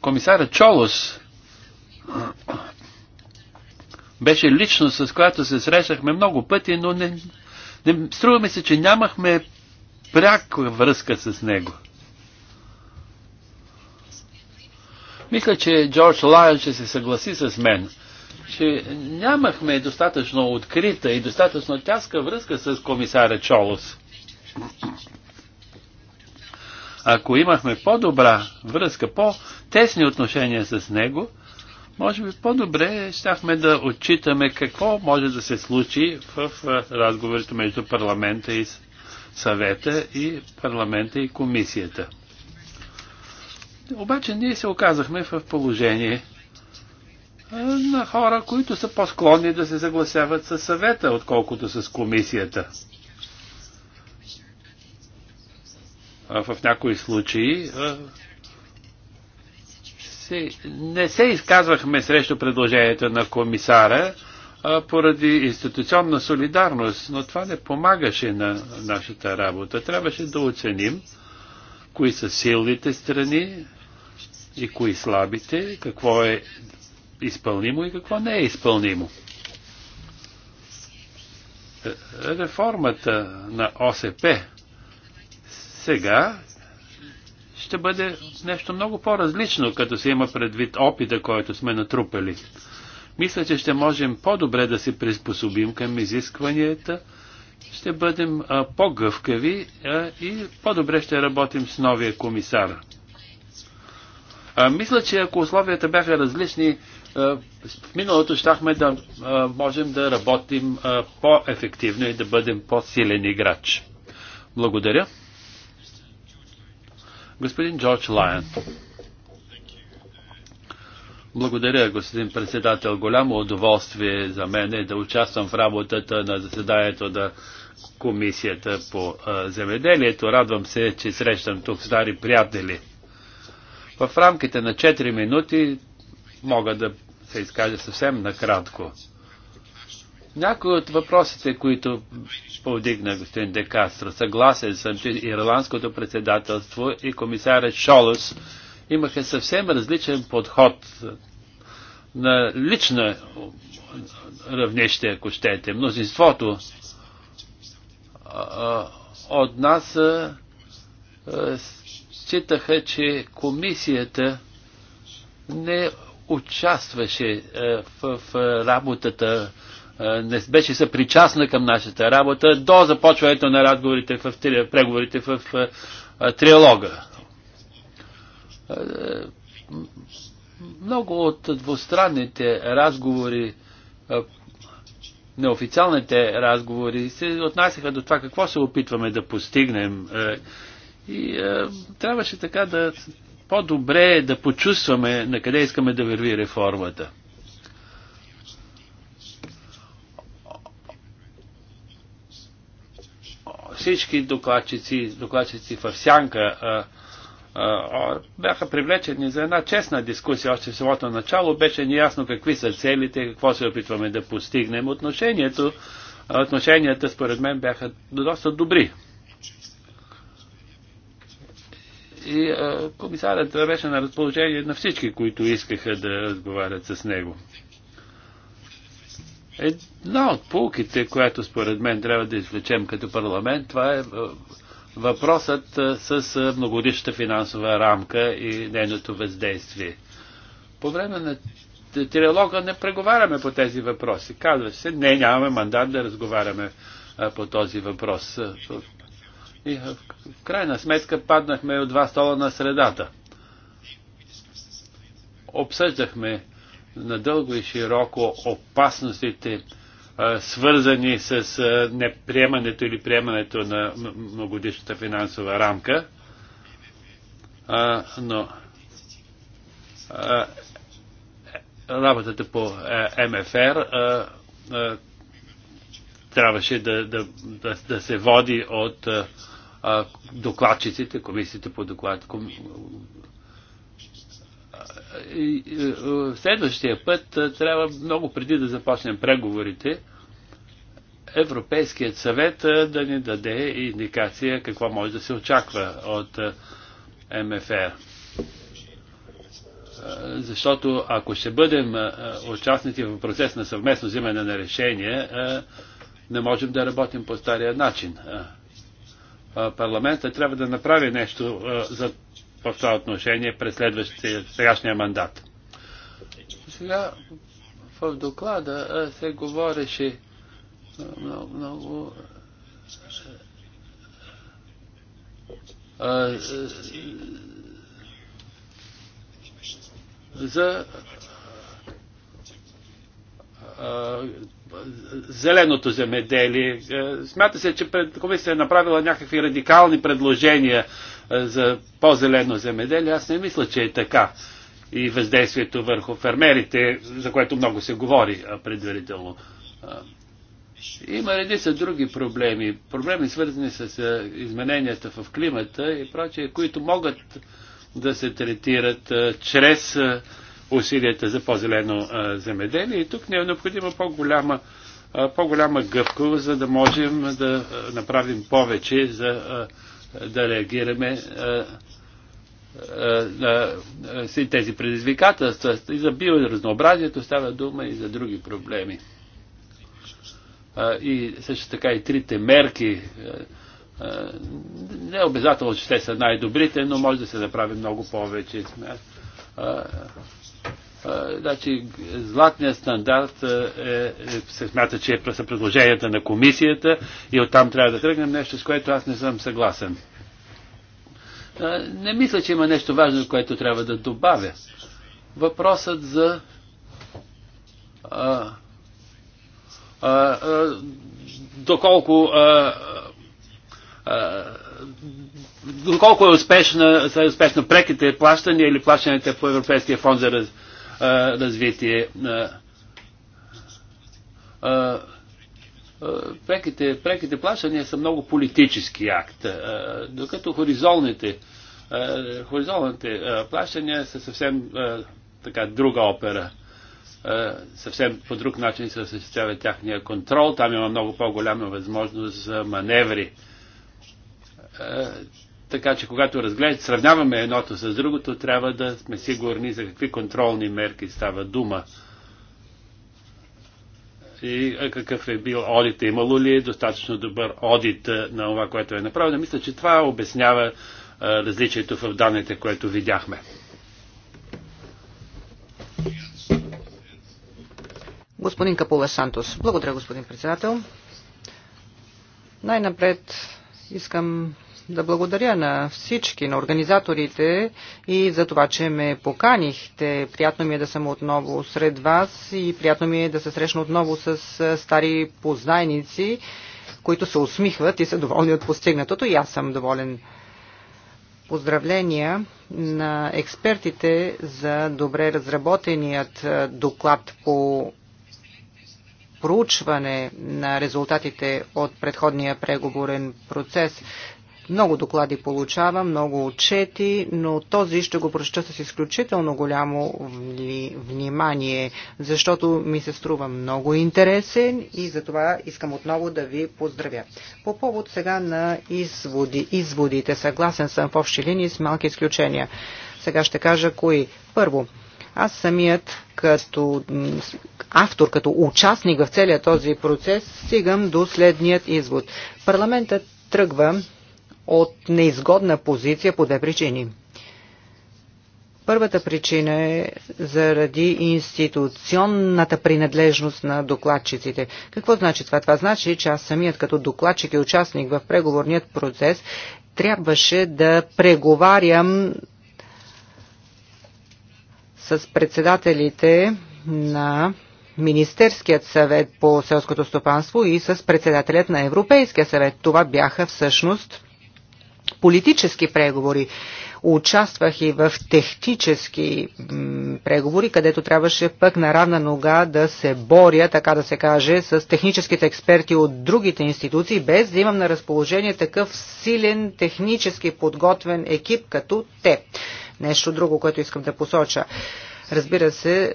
Комисара Чолос беше лично с която се срещахме много пъти, но не, не, струва ми се, че нямахме пряка връзка с него. Мисля, че Джордж Лайон ще се съгласи с мен, че нямахме достатъчно открита и достатъчно тяска връзка с комисаря Чолос. Ако имахме по-добра връзка, по-тесни отношения с него, може би по-добре щяхме да отчитаме какво може да се случи в разговорите между парламента и съвета и парламента и комисията. Обаче ние се оказахме в положение на хора, които са по-склонни да се съгласяват с съвета, отколкото с комисията. В някои случаи не се изказвахме срещу предложението на комисара поради институционна солидарност, но това не помагаше на нашата работа. Трябваше да оценим кои са силните страни, и кои слабите, какво е изпълнимо и какво не е изпълнимо. Реформата на ОСП сега ще бъде нещо много по-различно, като се има предвид опита, който сме натрупали. Мисля, че ще можем по-добре да се приспособим към изискванията, ще бъдем по-гъвкави и по-добре ще работим с новия комисар. А, мисля, че ако условията бяха различни, а, в миналото щяхме да а, можем да работим по-ефективно и да бъдем по-силен играч. Благодаря. Господин Джордж Лайон. Благодаря, господин председател. Голямо удоволствие за мен е да участвам в работата на заседанието на Комисията по земеделието. Радвам се, че срещам тук стари приятели. В рамките на 4 минути мога да се изкажа съвсем накратко. Някои от въпросите, които повдигна господин Декастро, съгласен съм, че Ирландското председателство и комисарят Шолос имаха съвсем различен подход на лична равнище, ако щете. Мнозинството от нас считаха, че комисията не участваше е, в е, работата, е, не беше съпричастна към нашата работа до започването на разговорите в преговорите в триалога. Много от двустранните разговори, неофициалните разговори се отнасяха до това какво се опитваме да постигнем и а, е, трябваше така да по-добре да почувстваме на къде искаме да върви реформата. Всички докладчици, докладчици в сянка е, е, бяха привлечени за една честна дискусия. Още в самото начало беше неясно какви са целите, какво се опитваме да постигнем. Отношението, отношенията според мен бяха доста добри. И комисарът беше на разположение на всички, които искаха да разговарят с него. Една от полките, която според мен трябва да извлечем като парламент, това е въпросът с многодишната финансова рамка и нейното въздействие. По време на триалога не преговаряме по тези въпроси. Казва се, не, нямаме мандат да разговаряме по този въпрос. И в крайна сметка паднахме от два стола на средата. Обсъждахме надълго и широко опасностите, свързани с неприемането или приемането на многодишната финансова рамка. Но работата по МФР трябваше да, да, да, да се води от докладчиците, комисиите по доклад. Ком... Е, следващия път е, трябва много преди да започнем преговорите, Европейският съвет е, да ни даде индикация какво може да се очаква от МФР. Защото ако ще бъдем участници в процес на съвместно взимане на решение, не можем да работим по стария начин парламента трябва да направи нещо за, в това отношение през следващия, сегашния мандат. Сега в доклада се говореше много, много за зеленото земеделие. Е, смята се, че пред комисията е направила някакви радикални предложения е, за по-зелено земеделие. Аз не мисля, че е така. И въздействието върху фермерите, за което много се говори е, предварително. Има са други проблеми. Проблеми свързани с измененията в климата и прочие, които могат да се третират чрез усилията за по-зелено земеделие. И тук не е необходима по-голяма по-голяма гъвкава, за да можем да направим повече, за да реагираме на тези предизвикателства. И за биоразнообразието става дума и за други проблеми. И също така и трите мерки. Не е обязателно, че те са най-добрите, но може да се направи много повече. Значи, златният стандарт е, е, е, се смята, че е са предложенията на комисията и оттам трябва да тръгнем нещо, с което аз не съм съгласен. Не мисля, че има нещо важно, което трябва да добавя. Въпросът за а, а, а, доколко а, а, доколко е успешна, са успешно преките плащания или плащаните по Европейския фонд за, развитие развитие. Преките, преките плащания са много политически акт, докато хоризонните хоризонтите плащания са съвсем така друга опера съвсем по друг начин се осъществява тяхния контрол. Там има много по-голяма възможност за маневри. Така че когато разглеждаме, сравняваме едното с другото, трябва да сме сигурни за какви контролни мерки става дума. И какъв е бил одит, имало ли е достатъчно добър одит на това, което е направено. Мисля, че това обяснява различието в данните, което видяхме. Господин Капула Сантос. Благодаря, господин председател. Най-напред искам да благодаря на всички, на организаторите и за това, че ме поканихте. Приятно ми е да съм отново сред вас и приятно ми е да се срещна отново с стари познайници, които се усмихват и са доволни от постигнатото и аз съм доволен. Поздравления на експертите за добре разработеният доклад по проучване на резултатите от предходния преговорен процес. Много доклади получавам, много отчети, но този ще го проща с изключително голямо внимание, защото ми се струва много интересен и затова искам отново да ви поздравя. По повод сега на изводи, изводите, съгласен съм в общи линии с малки изключения. Сега ще кажа кои. Първо, аз самият като автор, като участник в целия този процес, стигам до следният извод. Парламентът тръгва от неизгодна позиция по две причини. Първата причина е заради институционната принадлежност на докладчиците. Какво значи това? Това значи, че аз самият като докладчик и участник в преговорният процес трябваше да преговарям с председателите на Министерският съвет по селското стопанство и с председателят на Европейския съвет. Това бяха всъщност политически преговори. Участвах и в технически преговори, където трябваше пък на равна нога да се боря, така да се каже, с техническите експерти от другите институции, без да имам на разположение такъв силен технически подготвен екип като те. Нещо друго, което искам да посоча. Разбира се,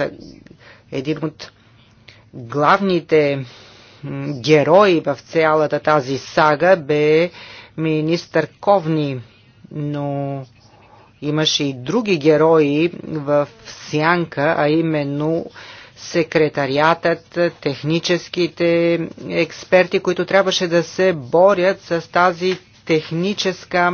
е, един от главните герои в цялата тази сага бе министър Ковни, но имаше и други герои в сянка, а именно секретариатът, техническите експерти, които трябваше да се борят с тази техническа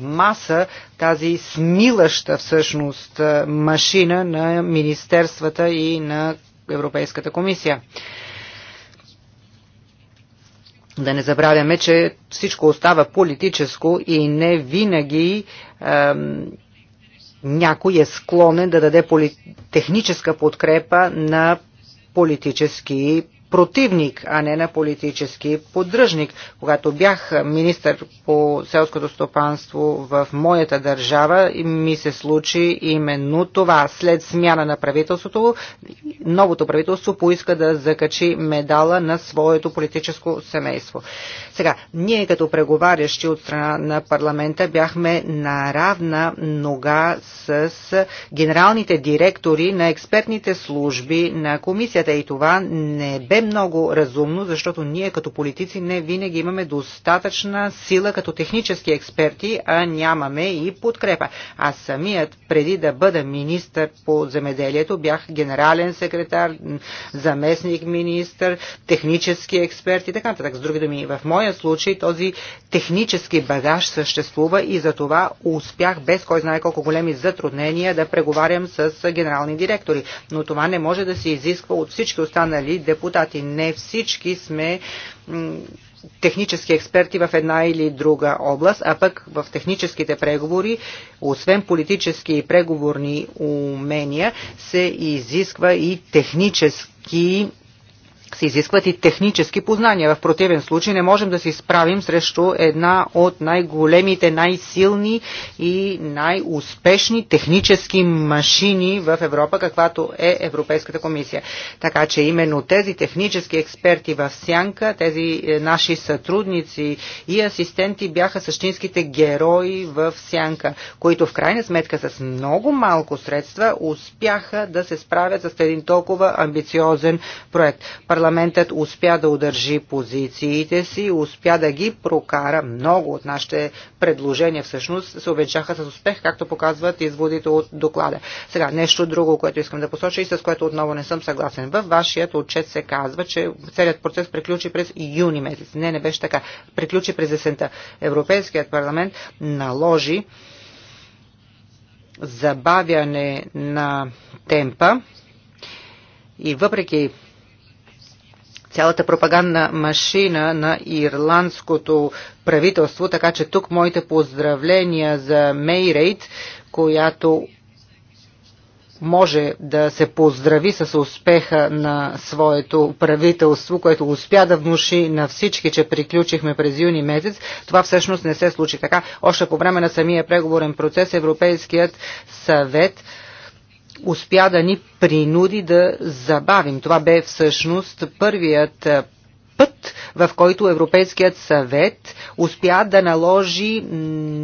маса, тази смилаща всъщност машина на министерствата и на Европейската комисия. Да не забравяме, че всичко остава политическо и не винаги е, някой е склонен да даде техническа подкрепа на политически противник, а не на политически поддръжник. Когато бях министър по селското стопанство в моята държава, ми се случи именно това. След смяна на правителството, новото правителство поиска да закачи медала на своето политическо семейство. Сега, ние като преговарящи от страна на парламента бяхме на равна нога с генералните директори на експертните служби на комисията и това не бе много разумно, защото ние като политици не винаги имаме достатъчна сила като технически експерти, а нямаме и подкрепа. Аз самият, преди да бъда министър по земеделието, бях генерален секретар, заместник министър, технически експерт и така нататък. С други думи, в моя случай този технически багаж съществува и за това успях без кой знае колко големи затруднения да преговарям с генерални директори. Но това не може да се изисква от всички останали депутати резултати. Не всички сме технически експерти в една или друга област, а пък в техническите преговори, освен политически и преговорни умения, се изисква и технически се изискват и технически познания. В противен случай не можем да се справим срещу една от най-големите, най-силни и най-успешни технически машини в Европа, каквато е Европейската комисия. Така че именно тези технически експерти в Сянка, тези е, наши сътрудници и асистенти бяха същинските герои в Сянка, които в крайна сметка с много малко средства успяха да се справят с един толкова амбициозен проект парламентът успя да удържи позициите си, успя да ги прокара. Много от нашите предложения всъщност се обечаха с успех, както показват изводите от доклада. Сега, нещо друго, което искам да посоча и с което отново не съм съгласен. Във вашият отчет се казва, че целият процес приключи през юни месец. Не, не беше така. Приключи през есента. Европейският парламент наложи забавяне на темпа и въпреки цялата пропагандна машина на ирландското правителство, така че тук моите поздравления за Мейрейт, която може да се поздрави с успеха на своето правителство, което успя да внуши на всички, че приключихме през юни месец. Това всъщност не се случи така. Още по време на самия преговорен процес Европейският съвет успя да ни принуди да забавим. Това бе всъщност първият път, в който Европейският съвет успя да наложи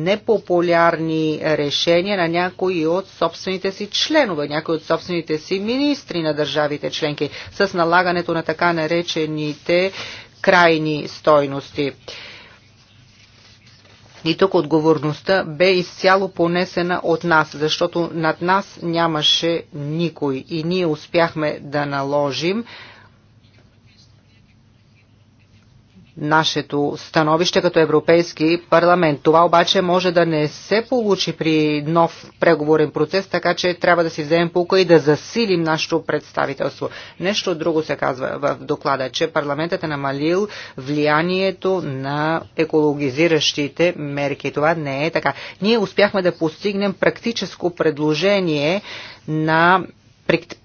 непопулярни решения на някои от собствените си членове, някои от собствените си министри на държавите членки с налагането на така наречените крайни стойности. И тук отговорността бе изцяло понесена от нас, защото над нас нямаше никой и ние успяхме да наложим нашето становище като Европейски парламент. Това обаче може да не се получи при нов преговорен процес, така че трябва да си вземем пулка и да засилим нашето представителство. Нещо друго се казва в доклада, че парламентът е намалил влиянието на екологизиращите мерки. Това не е така. Ние успяхме да постигнем практическо предложение на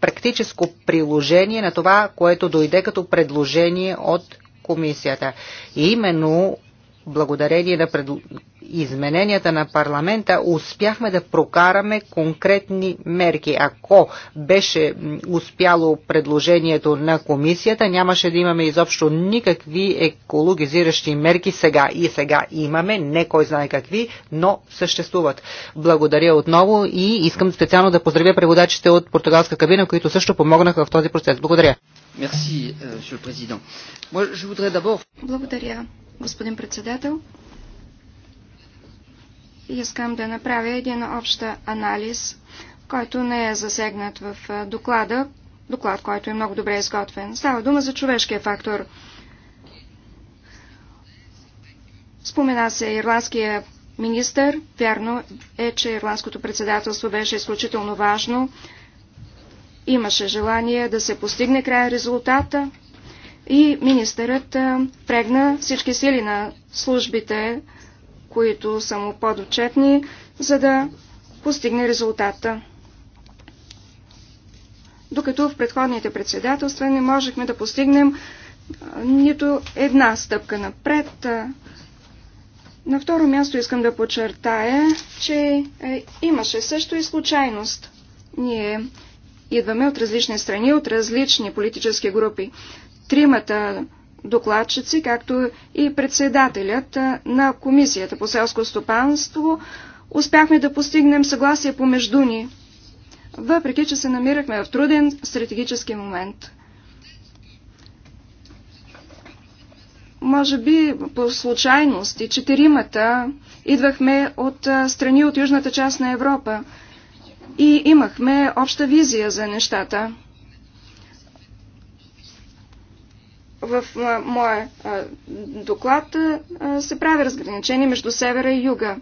практическо приложение на това, което дойде като предложение от комисията. И именно благодарение на пред... измененията на парламента успяхме да прокараме конкретни мерки. Ако беше успяло предложението на комисията, нямаше да имаме изобщо никакви екологизиращи мерки сега. И сега имаме, не кой знае какви, но съществуват. Благодаря отново и искам специално да поздравя преводачите от португалска кабина, които също помогнаха в този процес. Благодаря. Euh, Благодаря, господин председател. Искам да направя един общ анализ, който не е засегнат в доклада, доклад, който е много добре изготвен. Става дума за човешкия фактор. Спомена се ирландския министър. Вярно е, че ирландското председателство беше изключително важно. Имаше желание да се постигне край резултата и министърът прегна всички сили на службите, които са му подотчетни, за да постигне резултата. Докато в предходните председателства не можехме да постигнем нито една стъпка напред. На второ място искам да подчертая, че е, имаше също и случайност. Ние Идваме от различни страни, от различни политически групи. Тримата докладчици, както и председателят на Комисията по селско стопанство, успяхме да постигнем съгласие помежду ни, въпреки че се намирахме в труден стратегически момент. Може би по случайност и четиримата идвахме от страни от южната част на Европа – и имахме обща визия за нещата. В моя доклад се прави разграничение между севера и юга.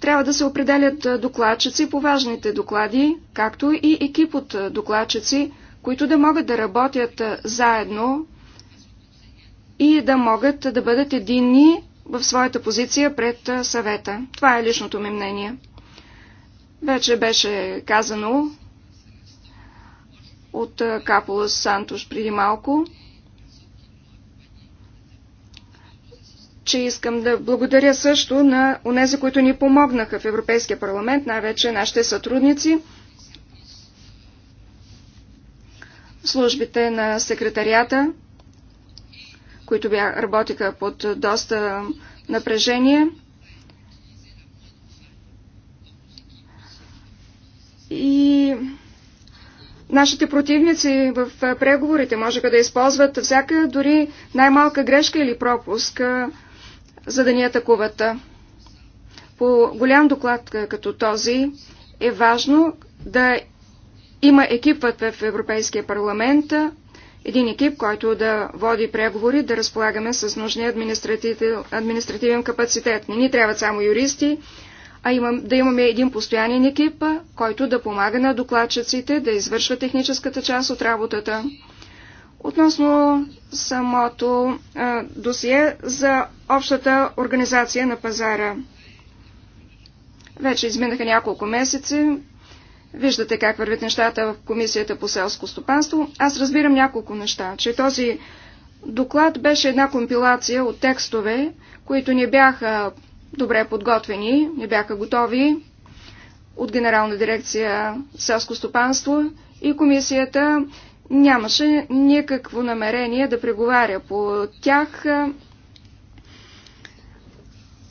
Трябва да се определят докладчици по важните доклади, както и екип от докладчици, които да могат да работят заедно и да могат да бъдат единни в своята позиция пред съвета. Това е личното ми мнение. Вече беше казано от Капола Сантош преди малко, че искам да благодаря също на онези, които ни помогнаха в Европейския парламент, най-вече нашите сътрудници, службите на секретарията, които бях, работиха под доста напрежение. И нашите противници в преговорите можеха да използват всяка дори най-малка грешка или пропуск, за да ни атакуват. По голям доклад като този е важно да има екипът в Европейския парламент, един екип, който да води преговори, да разполагаме с нужния административен, административен капацитет. Не ни трябват само юристи, а имам, да имаме един постоянен екип, който да помага на докладчиците да извършва техническата част от работата. Относно самото а, досие за общата организация на пазара. Вече изминаха няколко месеци, Виждате как вървят нещата в Комисията по селско стопанство. Аз разбирам няколко неща, че този доклад беше една компилация от текстове, които не бяха добре подготвени, не бяха готови от Генерална дирекция селско стопанство и комисията нямаше никакво намерение да преговаря по тях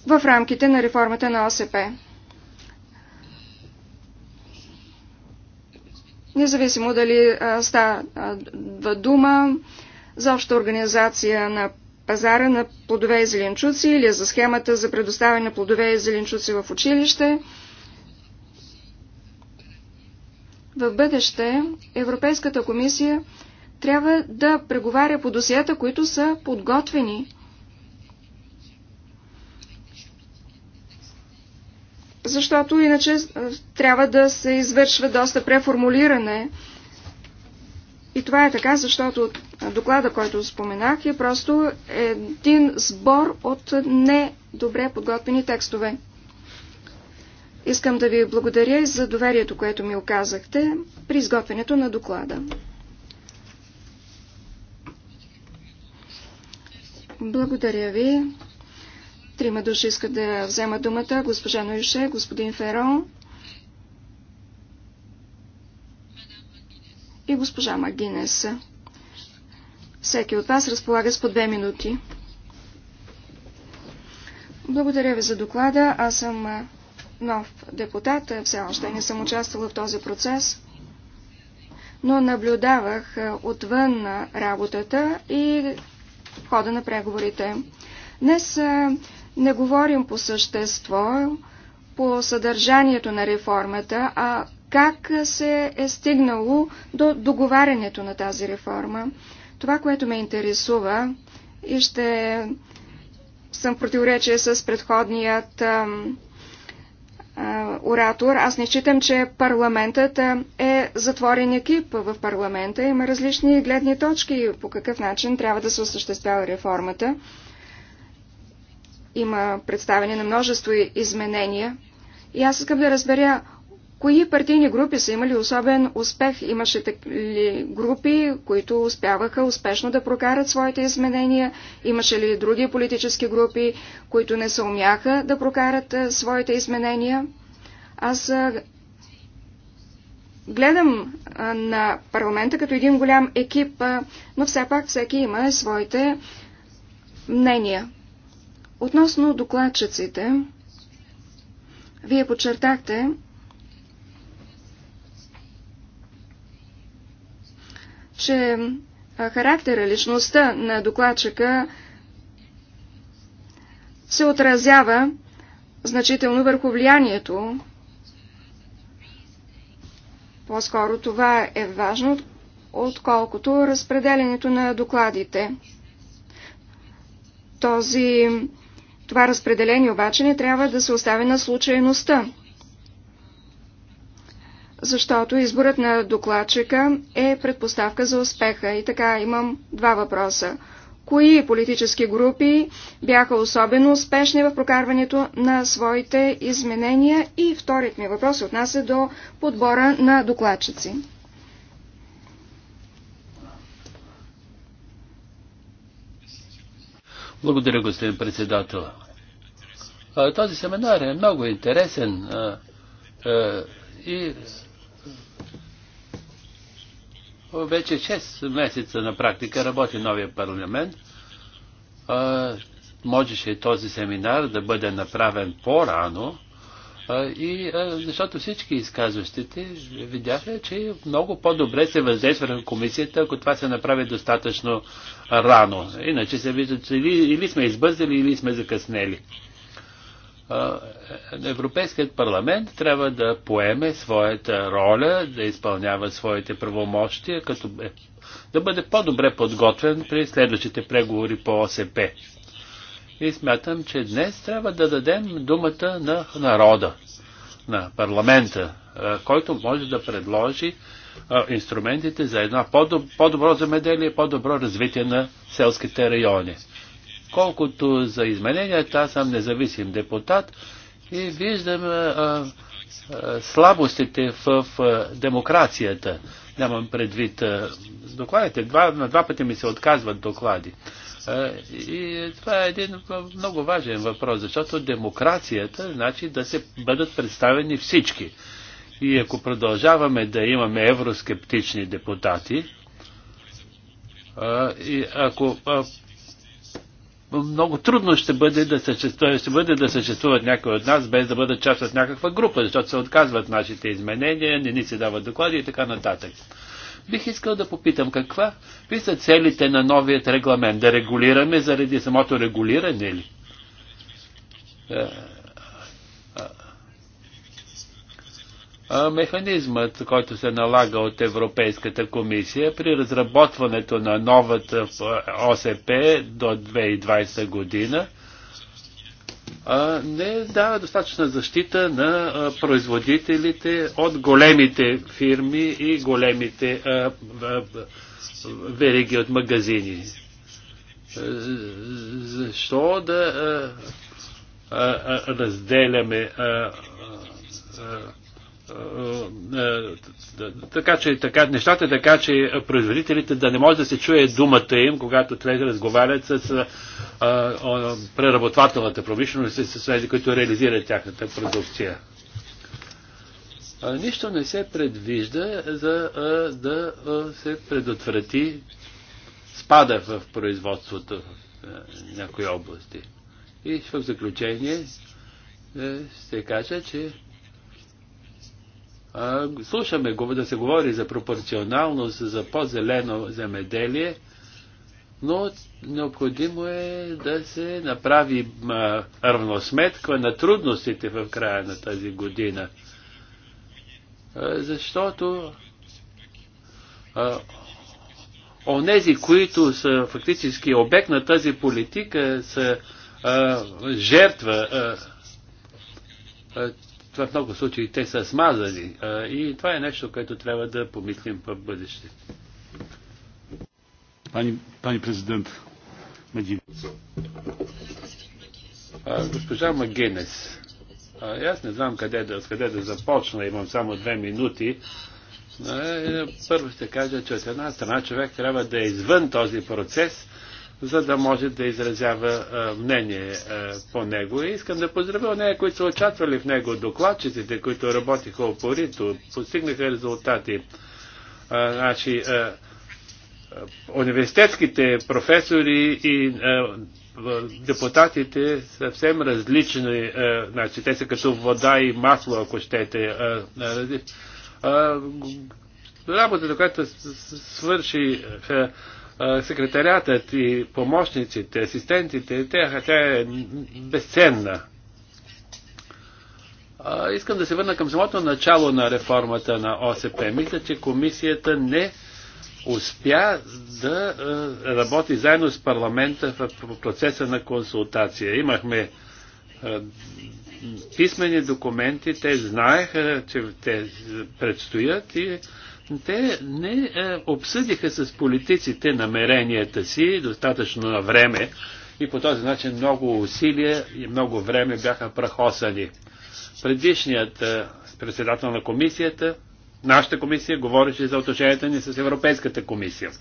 в рамките на реформата на ОСП. независимо дали става дума за обща организация на пазара на плодове и зеленчуци или за схемата за предоставяне на плодове и зеленчуци в училище. В бъдеще Европейската комисия трябва да преговаря по досията, които са подготвени защото иначе е, трябва да се извършва доста преформулиране. И това е така, защото доклада, който споменах, е просто един сбор от недобре подготвени текстове. Искам да ви благодаря и за доверието, което ми оказахте при изготвянето на доклада. Благодаря ви. Трима души искат да взема думата. Госпожа Нойше, господин Ферон и госпожа Магинес. Всеки от вас разполага с по две минути. Благодаря ви за доклада. Аз съм нов депутат. Все още не съм участвала в този процес. Но наблюдавах отвън работата и хода на преговорите. Днес не говорим по същество, по съдържанието на реформата, а как се е стигнало до договарянето на тази реформа. Това, което ме интересува и ще съм противоречие с предходният а, а, оратор. Аз не считам, че парламентът е затворен екип. В парламента има различни гледни точки по какъв начин трябва да се осъществява реформата. Има представени на множество изменения. И аз искам да разберя, кои партийни групи са имали особен успех. Имаше ли групи, които успяваха успешно да прокарат своите изменения? Имаше ли други политически групи, които не се умяха да прокарат е, своите изменения? Аз е, гледам е, на парламента като един голям екип, но все пак всеки има своите мнения. Относно докладчиците, вие подчертахте, че характера, личността на докладчика се отразява значително върху влиянието. По-скоро това е важно, отколкото разпределенето на докладите. Този това разпределение обаче не трябва да се остави на случайността, защото изборът на докладчика е предпоставка за успеха. И така имам два въпроса. Кои политически групи бяха особено успешни в прокарването на своите изменения? И вторият ми въпрос отнася до подбора на докладчици. Благодаря, господин председател. Този семинар е много интересен и вече 6 месеца на практика работи новия парламент. Можеше този семинар да бъде направен по-рано, и защото всички изказващите видяха, че много по-добре се въздейства на комисията, ако това се направи достатъчно рано. Иначе се вижда, че или, или сме избързали, или сме закъснели. Европейският парламент трябва да поеме своята роля, да изпълнява своите правомощия, като е, да бъде по-добре подготвен при следващите преговори по ОСП. И смятам, че днес трябва да дадем думата на народа, на парламента, който може да предложи инструментите за едно по-добро земеделие, по-добро развитие на селските райони. Колкото за измененията, аз съм независим депутат и виждам а, а, слабостите в а, демокрацията. Нямам предвид а, докладите. Два, на два пъти ми се отказват доклади. А, и това е един много важен въпрос, защото демокрацията значи да се бъдат представени всички. И ако продължаваме да имаме евроскептични депутати, а, и ако а, много трудно ще бъде да съществуват, ще бъде да съществуват някои от нас, без да бъдат част от някаква група, защото се отказват нашите изменения, не ни се дават доклади и така нататък. Бих искал да попитам каква ви са целите на новият регламент? Да регулираме заради самото регулиране ли? Е, механизмът, който се налага от Европейската комисия при разработването на новата ОСП до 2020 година не дава достатъчна защита на производителите от големите фирми и големите вериги от магазини. Защо да разделяме е, е, е, така че така, нещата така, че производителите да не може да се чуе думата им, когато те разговарят с а, о, преработвателната промишленост и с тези, които реализират тяхната продукция. А, нищо не се предвижда за а, да а, се предотврати спада в производството в а, някои области. И в заключение ще кажа, че Слушаме да се говори за пропорционалност, за по-зелено земеделие, но необходимо е да се направи равносметка на трудностите в края на тази година. Защото онези, които са фактически обект на тази политика, са жертва в много случаи те са смазани. И това е нещо, което трябва да помислим в бъдеще. Пани, пани президент, Госпожа Магинес, аз не знам къде да, къде да започна, имам само две минути. Е, първо ще кажа, че от една страна човек трябва да е извън този процес, за да може да изразява а, мнение а, по него. И искам да поздравя нея, които са очаквали в него, докладчиците, които работиха опорито, постигнаха резултати. А, значи, а, университетските професори и а, депутатите съвсем различни, а, значи, те са като вода и масло, ако щете. А, а, а, работата, която свърши а, секретарятът и помощниците, асистентите, тя, тя е безценна. Искам да се върна към самото начало на реформата на ОСП. Мисля, че комисията не успя да работи заедно с парламента в процеса на консултация. Имахме писмени документи, те знаеха, че те предстоят и те не е, обсъдиха с политиците намеренията си достатъчно на време и по този начин много усилия и много време бяха прахосани. Предишният е, председател на комисията, нашата комисия, говореше за отношенията ни с Европейската комисия.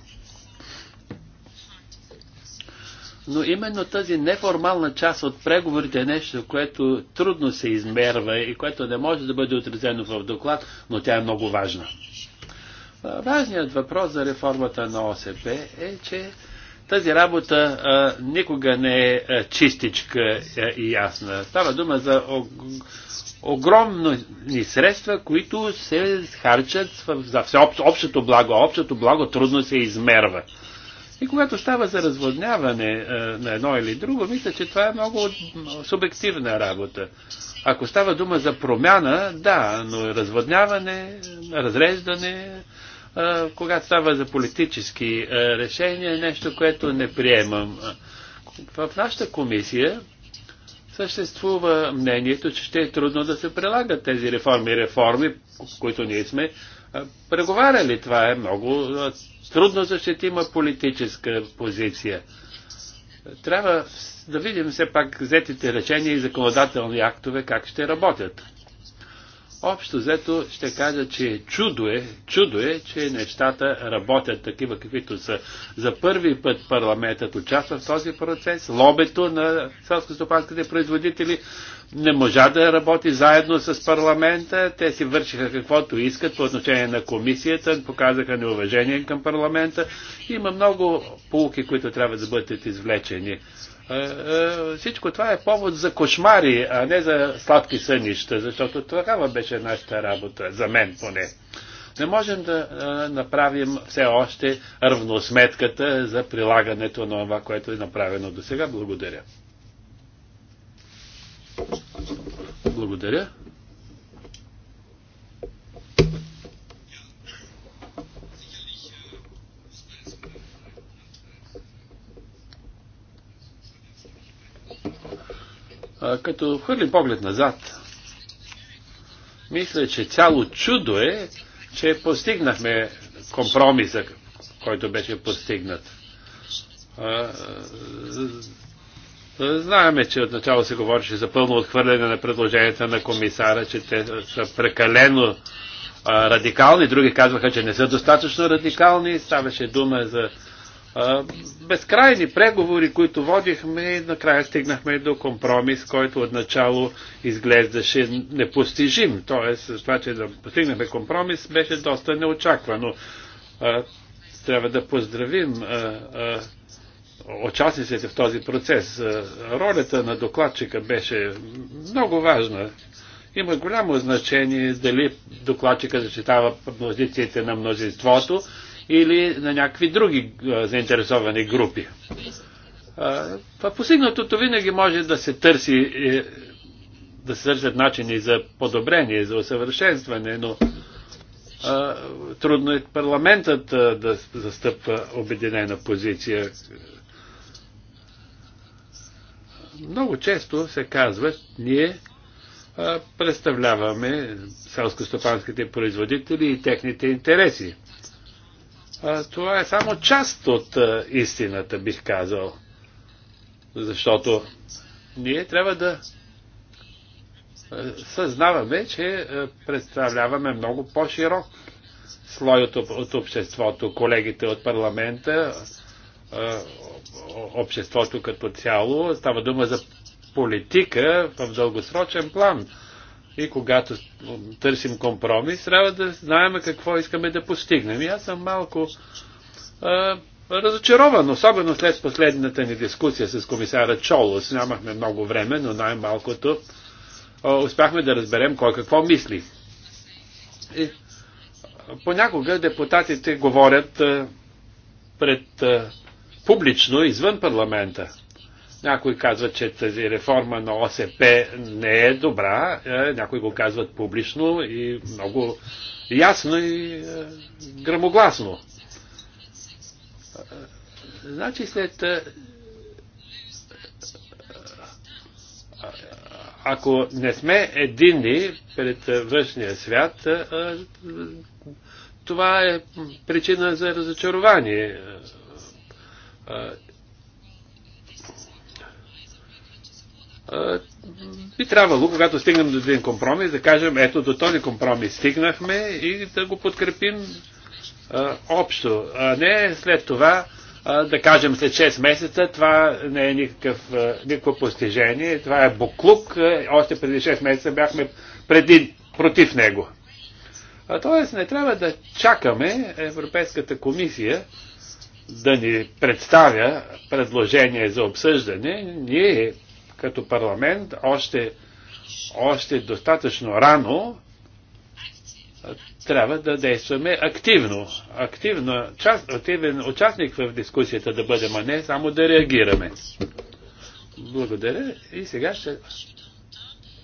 Но именно тази неформална част от преговорите е нещо, което трудно се измерва и което не може да бъде отразено в доклад, но тя е много важна. Важният въпрос за реформата на ОСП е, че тази работа а, никога не е а, чистичка а, и ясна. Става дума за о, огромни средства, които се харчат в, за всеобщо, общото благо. Общото благо трудно се измерва. И когато става за разводняване а, на едно или друго, мисля, че това е много субективна работа. Ако става дума за промяна, да, но разводняване, разреждане, когато става за политически решения, е нещо, което не приемам. В нашата комисия съществува мнението, че ще е трудно да се прилагат тези реформи. Реформи, които ние сме преговаряли. Това е много трудно защото има политическа позиция. Трябва да видим все пак взетите решения и законодателни актове как ще работят. Общо взето ще кажа, че чудо е, чудо е, че нещата работят такива каквито са. За първи път парламентът участва в този процес. Лобето на селско-стопанските производители не можа да работи заедно с парламента. Те си вършиха каквото искат по отношение на комисията, показаха неуважение към парламента. Има много полуки, които трябва да бъдат извлечени. Е, е, всичко това е повод за кошмари, а не за сладки сънища, защото такава беше нашата работа, за мен поне. Не можем да е, направим все още равносметката за прилагането на това, което е направено до сега. Благодаря. Благодаря. Като хвърлим поглед назад, мисля, че цяло чудо е, че постигнахме компромиса, който беше постигнат. Знаеме, че отначало се говореше за пълно отхвърляне на предложенията на комисара, че те са прекалено радикални, други казваха, че не са достатъчно радикални. Ставаше дума за безкрайни преговори, които водихме, накрая стигнахме до компромис, който отначало изглеждаше непостижим. Тоест, това, че да постигнахме компромис, беше доста неочаквано. Трябва да поздравим участниците в този процес. Ролята на докладчика беше много важна. Има голямо значение дали докладчика защитава позициите на мнозинството или на някакви други е, заинтересовани групи. Постигнатото винаги може да се търси, е, да се търсят начини за подобрение, за усъвършенстване, но трудно е парламентът да застъпва обединена позиция. Много често се казва, ние представляваме селско-стопанските производители и техните интереси това е само част от истината, бих казал. Защото ние трябва да съзнаваме, че представляваме много по-широк слой от, обществото, колегите от парламента, обществото като цяло. Става дума за политика в дългосрочен план. И когато търсим компромис, трябва да знаем какво искаме да постигнем. И аз съм малко а, разочарован, особено след последната ни дискусия с комисара Чолос. Нямахме много време, но най-малкото успяхме да разберем кой какво мисли. И понякога депутатите говорят а, пред а, публично, извън парламента. Някои казват, че тази реформа на ОСП не е добра, е, някои го казват публично и много ясно и е, грамогласно. Е, значи след ако не сме единни пред външния свят, това е причина за разочарование. би трябвало, когато стигнем до един компромис, да кажем, ето до този компромис стигнахме и да го подкрепим а, общо. А не след това а, да кажем след 6 месеца, това не е никакъв, а, никакво постижение, това е буклук, а, още преди 6 месеца бяхме преди, против него. А, тоест не трябва да чакаме Европейската комисия да ни представя предложение за обсъждане. Ние като парламент още, още достатъчно рано трябва да действаме активно. Активно, част, активен участник в дискусията да бъдем, а не само да реагираме. Благодаря и сега ще,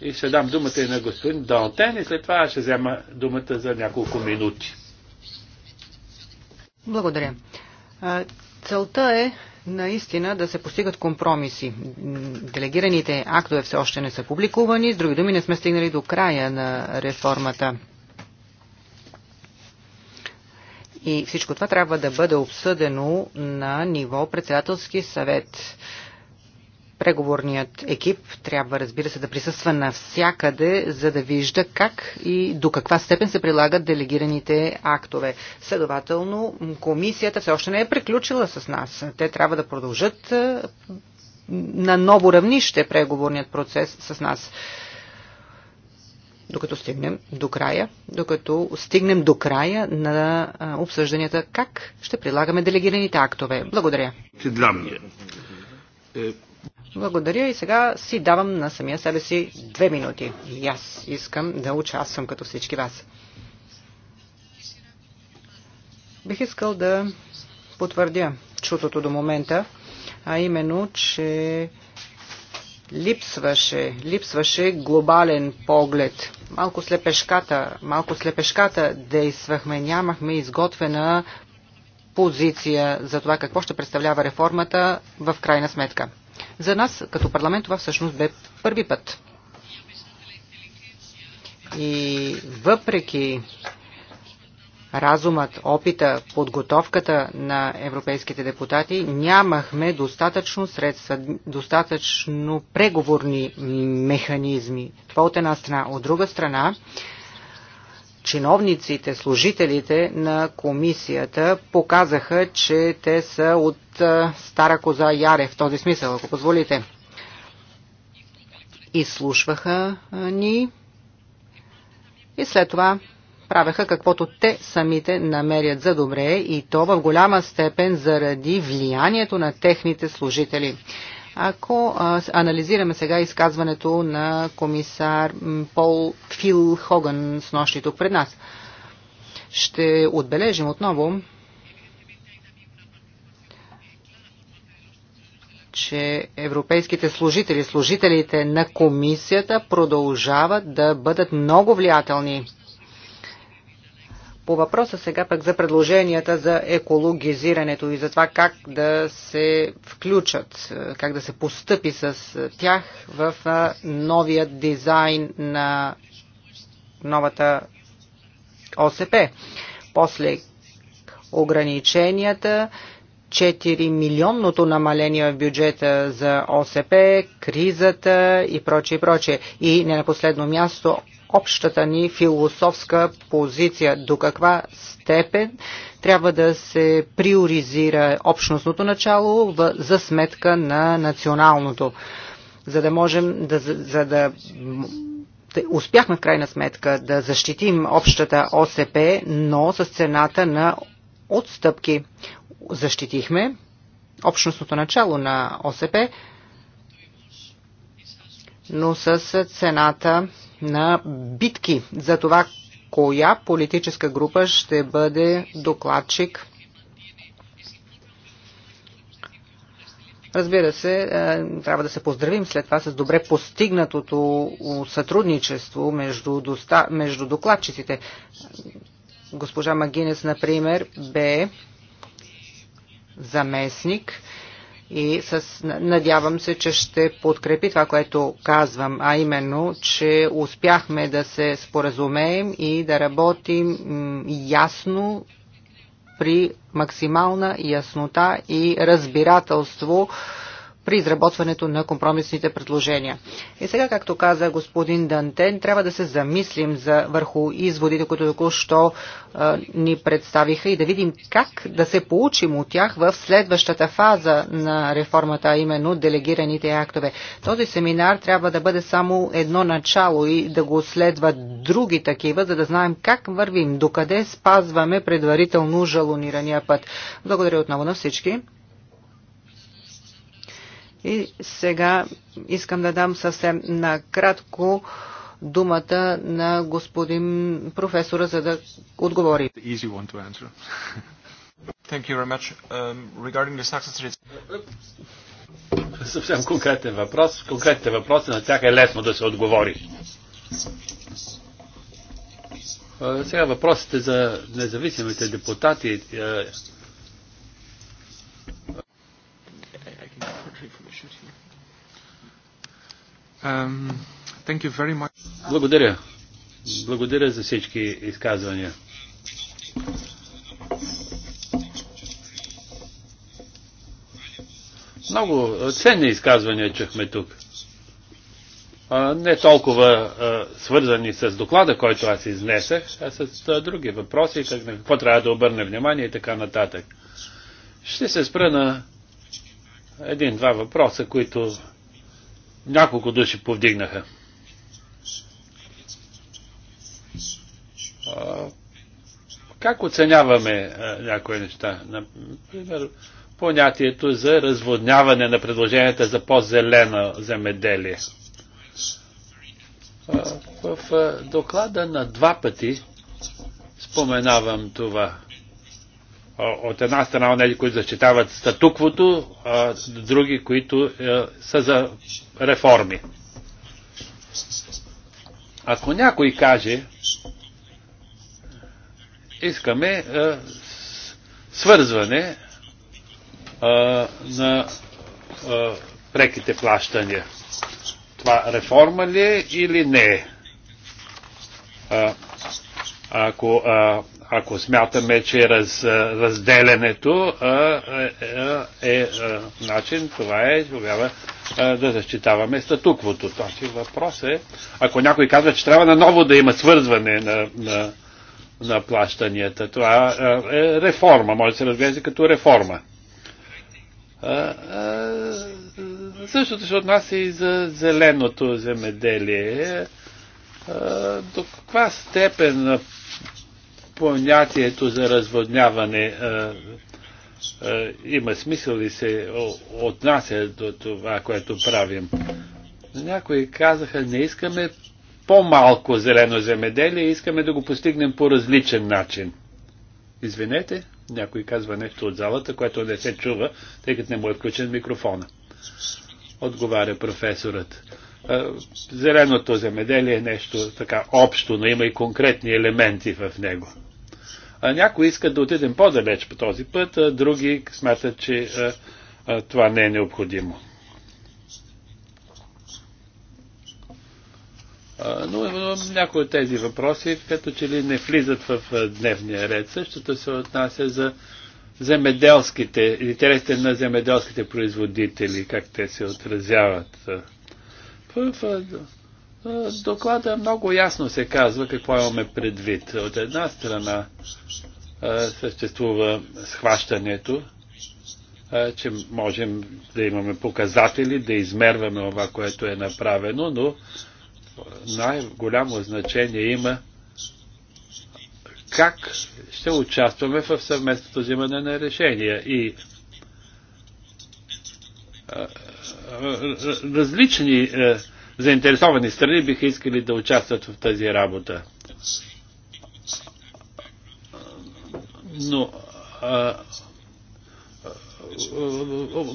и ще дам думата и на господин Донтен и след това ще взема думата за няколко минути. Благодаря. Целта е наистина да се постигат компромиси. Делегираните актове все още не са публикувани, с други думи не сме стигнали до края на реформата. И всичко това трябва да бъде обсъдено на ниво председателски съвет преговорният екип трябва, разбира се, да присъства навсякъде, за да вижда как и до каква степен се прилагат делегираните актове. Следователно, комисията все още не е приключила с нас. Те трябва да продължат е, на ново равнище преговорният процес с нас. Докато стигнем до края, докато стигнем до края на е, обсъжданията, как ще прилагаме делегираните актове. Благодаря. Благодаря и сега си давам на самия себе си две минути. И аз искам да участвам като всички вас. Бих искал да потвърдя чутото до момента, а именно, че липсваше, липсваше глобален поглед. Малко слепешката, малко слепешката действахме, нямахме изготвена позиция за това какво ще представлява реформата в крайна сметка. За нас, като парламент, това всъщност бе първи път. И въпреки разумът, опита, подготовката на европейските депутати, нямахме достатъчно средства, достатъчно преговорни механизми. Това от една страна. От друга страна, чиновниците, служителите на комисията показаха, че те са от стара коза Яре, в този смисъл, ако позволите. Изслушваха ни и след това правеха каквото те самите намерят за добре и то в голяма степен заради влиянието на техните служители. Ако анализираме сега изказването на комисар Пол Фил Хоган с нощи тук пред нас, ще отбележим отново, че европейските служители, служителите на комисията продължават да бъдат много влиятелни по въпроса сега пък за предложенията за екологизирането и за това как да се включат, е, как да се постъпи с е, тях в е, новия дизайн на новата ОСП. После ограниченията, 4 милионното намаление в бюджета за ОСП, кризата и прочее, прочее. И не на последно място общата ни философска позиция. До каква степен трябва да се приоризира общностното начало за сметка на националното, за да можем да, за да успяхме в крайна сметка да защитим общата ОСП, но с цената на отстъпки. Защитихме общностното начало на ОСП, но с цената на битки за това коя политическа група ще бъде докладчик. Разбира се, е, трябва да се поздравим след това с добре постигнатото сътрудничество между, доста... между докладчиците. Госпожа Магинес, например, бе заместник и с, надявам се, че ще подкрепи това, което казвам, а именно, че успяхме да се споразумеем и да работим ясно при максимална яснота и разбирателство при изработването на компромисните предложения. И сега, както каза господин Дантен, трябва да се замислим за върху изводите, които току-що ни представиха и да видим как да се получим от тях в следващата фаза на реформата, а именно делегираните актове. Този семинар трябва да бъде само едно начало и да го следват други такива, за да знаем как вървим, докъде спазваме предварително жалонирания път. Благодаря отново на всички. И сега искам да дам съвсем накратко думата на господин професора, за да отговори. Um, съвсем конкретен въпрос. Конкретните въпроси на тях е лесно да се отговори. Сега въпросите за независимите депутати е, Um, Благодаря. Благодаря за всички изказвания. Много ценни изказвания чухме тук. Не толкова свързани с доклада, който аз изнесех, а с други въпроси, какво трябва да обърне внимание и така нататък. Ще се спра на един-два въпроса, които няколко души повдигнаха. Как оценяваме някои неща? Например, понятието за разводняване на предложенията за по-зелено земеделие. В доклада на два пъти споменавам това от една страна онези, които защитават статуквото, а други, които е, са за реформи. Ако някой каже, искаме е, свързване е, на е, преките плащания. Това реформа ли е или не е? А, ако а, ако смятаме, че раз, а, е, е, а, е, начин, това е тогава да защитаваме статуквото. Този въпрос е, ако някой казва, че трябва наново да има свързване на, на, на плащанията, това е реформа, може да се разглежда като реформа. Същото се отнася и за зеленото земеделие до каква степен понятието за разводняване има смисъл и се отнася до това, което правим. Някои казаха, не искаме по-малко зелено земеделие, искаме да го постигнем по различен начин. Извинете, някой казва нещо от залата, което не се чува, тъй като не му е включен микрофона. Отговаря професорът. Зеленото земеделие е нещо така общо, но има и конкретни елементи в него. Някои искат да отидем по-далеч по този път, а други смятат, че това не е необходимо. Но, но някои от тези въпроси, като че ли не влизат в дневния ред, същото се отнася за земеделските, интересите на земеделските производители, как те се отразяват. Е, доклада много ясно се казва какво имаме предвид. От една страна е, съществува схващането, е, че можем да имаме показатели, да измерваме това, което е направено, но най-голямо значение има как ще участваме в съвместното взимане на решения. И различни заинтересовани страни биха искали да участват в тази работа. Но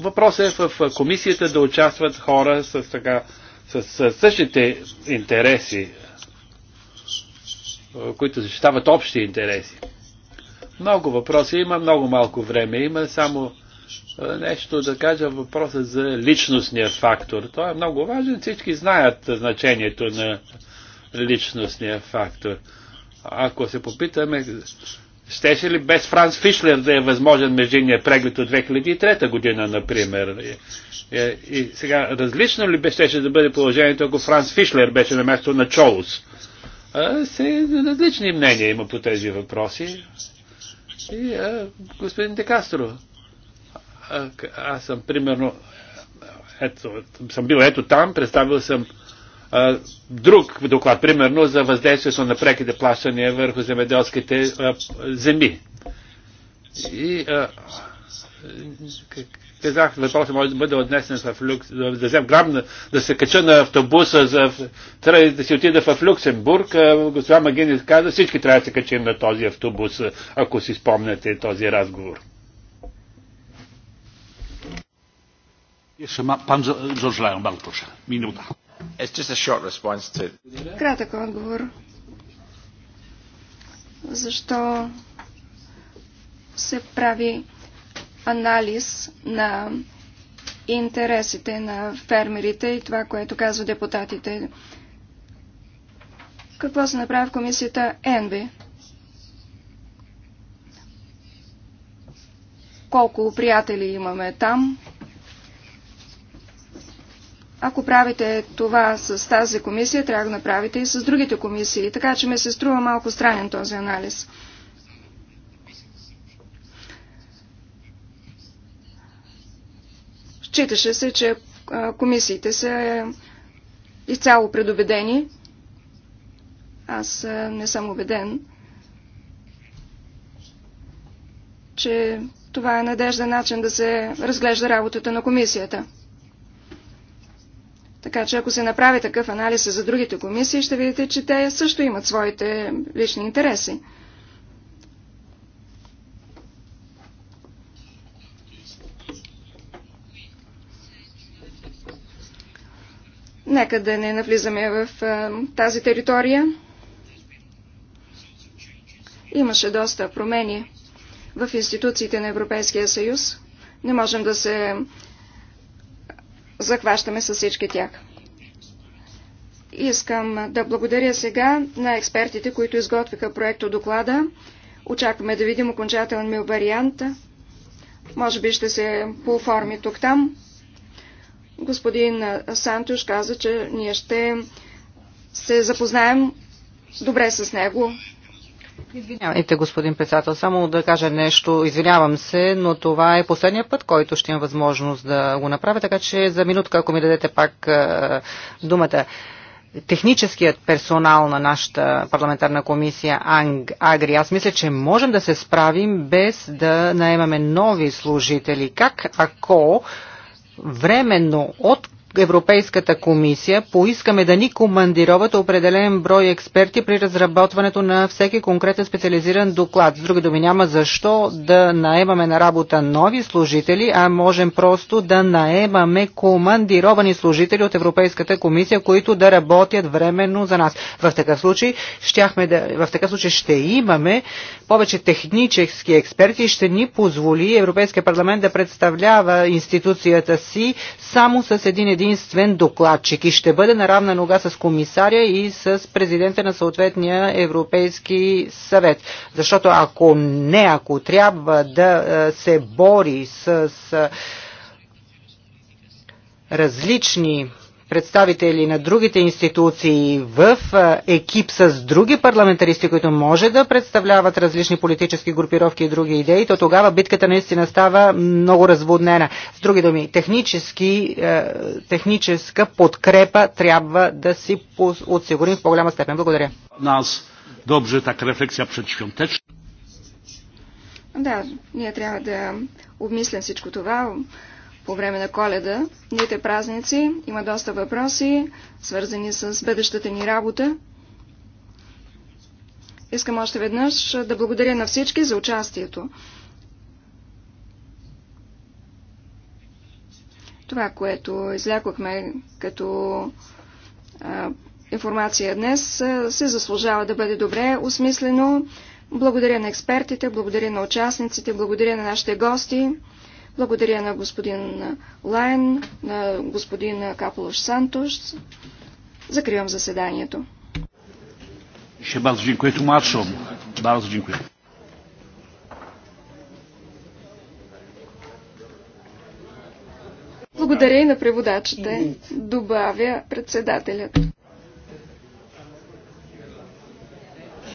въпросът е в комисията да участват хора с, така, с, с същите интереси, които защитават общи интереси. Много въпроси има, много малко време има, само нещо да кажа въпроса за личностния фактор. Той е много важен, всички знаят значението на личностния фактор. Ако се попитаме, щеше ли без Франс Фишлер да е възможен междинния преглед от 2003 година, например? И, и сега, различно ли щеше да бъде положението, ако Франц Фишлер беше на място на Чоус? се, различни мнения има по тези въпроси. И а, господин Декастро, аз съм примерно, ето, съм бил ето там, представил съм а, друг доклад, примерно за въздействието на преките плащания върху земеделските а, земи. И а, казах, въпросът може да бъде отнесен в Люкс, да взем грам, да се кача на автобуса, за, трябва да си отида в Люксембург. Госпожа Магинис каза, всички трябва да се качим на този автобус, ако си спомняте този разговор. Кратък отговор. Защо се прави анализ на интересите на фермерите и това, което казва депутатите. Какво се направи в комисията ЕНБИ? Колко приятели имаме там? Ако правите това с тази комисия, трябва да направите и с другите комисии. Така че ми се струва малко странен този анализ. Считаше се, че комисиите са изцяло предубедени. Аз не съм убеден, че това е надежден начин да се разглежда работата на комисията. Така че ако се направи такъв анализ за другите комисии, ще видите, че те също имат своите лични интереси. Нека да не навлизаме в тази територия. Имаше доста промени в институциите на Европейския съюз. Не можем да се захващаме с всички тях. Искам да благодаря сега на експертите, които изготвиха проекто доклада. Очакваме да видим окончателен ми вариант. Може би ще се пооформи тук-там. Господин Сантуш каза, че ние ще се запознаем добре с него. Извинявайте, господин председател, само да кажа нещо. Извинявам се, но това е последния път, който ще имам възможност да го направя, така че за минутка, ако ми дадете пак е, думата техническият персонал на нашата парламентарна комисия Анг, Агри. Аз мисля, че можем да се справим без да наемаме нови служители. Как ако временно от Европейската комисия поискаме да ни командироват определен брой експерти при разработването на всеки конкретен специализиран доклад. С други думи, няма защо да наемаме на работа нови служители, а можем просто да наемаме командировани служители от Европейската комисия, които да работят временно за нас. В такъв случай, щяхме да, в такъв случай ще имаме повече технически експерти и ще ни позволи Европейския парламент да представлява институцията си само с един един единствен докладчик и ще бъде на равна нога с комисаря и с президента на съответния Европейски съвет. Защото ако не, ако трябва да е, се бори с е, различни представители на другите институции в екип с други парламентаристи, които може да представляват различни политически групировки и други идеи, то тогава битката наистина става много разводнена. С други думи, технически, техническа подкрепа трябва да си отсигурим в по-голяма степен. Благодаря. Нас добре така рефлексия пред Да, ние трябва да обмислям всичко това, по време на коледа, дните празници. Има доста въпроси, свързани с бъдещата ни работа. Искам още веднъж да благодаря на всички за участието. Това, което излякохме като а, информация днес, се заслужава да бъде добре осмислено. Благодаря на експертите, благодаря на участниците, благодаря на нашите гости. Благодаря на господин Лайн, на господин Каполош Сантош. Закривам заседанието. Ще bardzo dziękuję tłumaczom. Bardzo dziękuję. Благодаря и на преводачите, добавя председателят.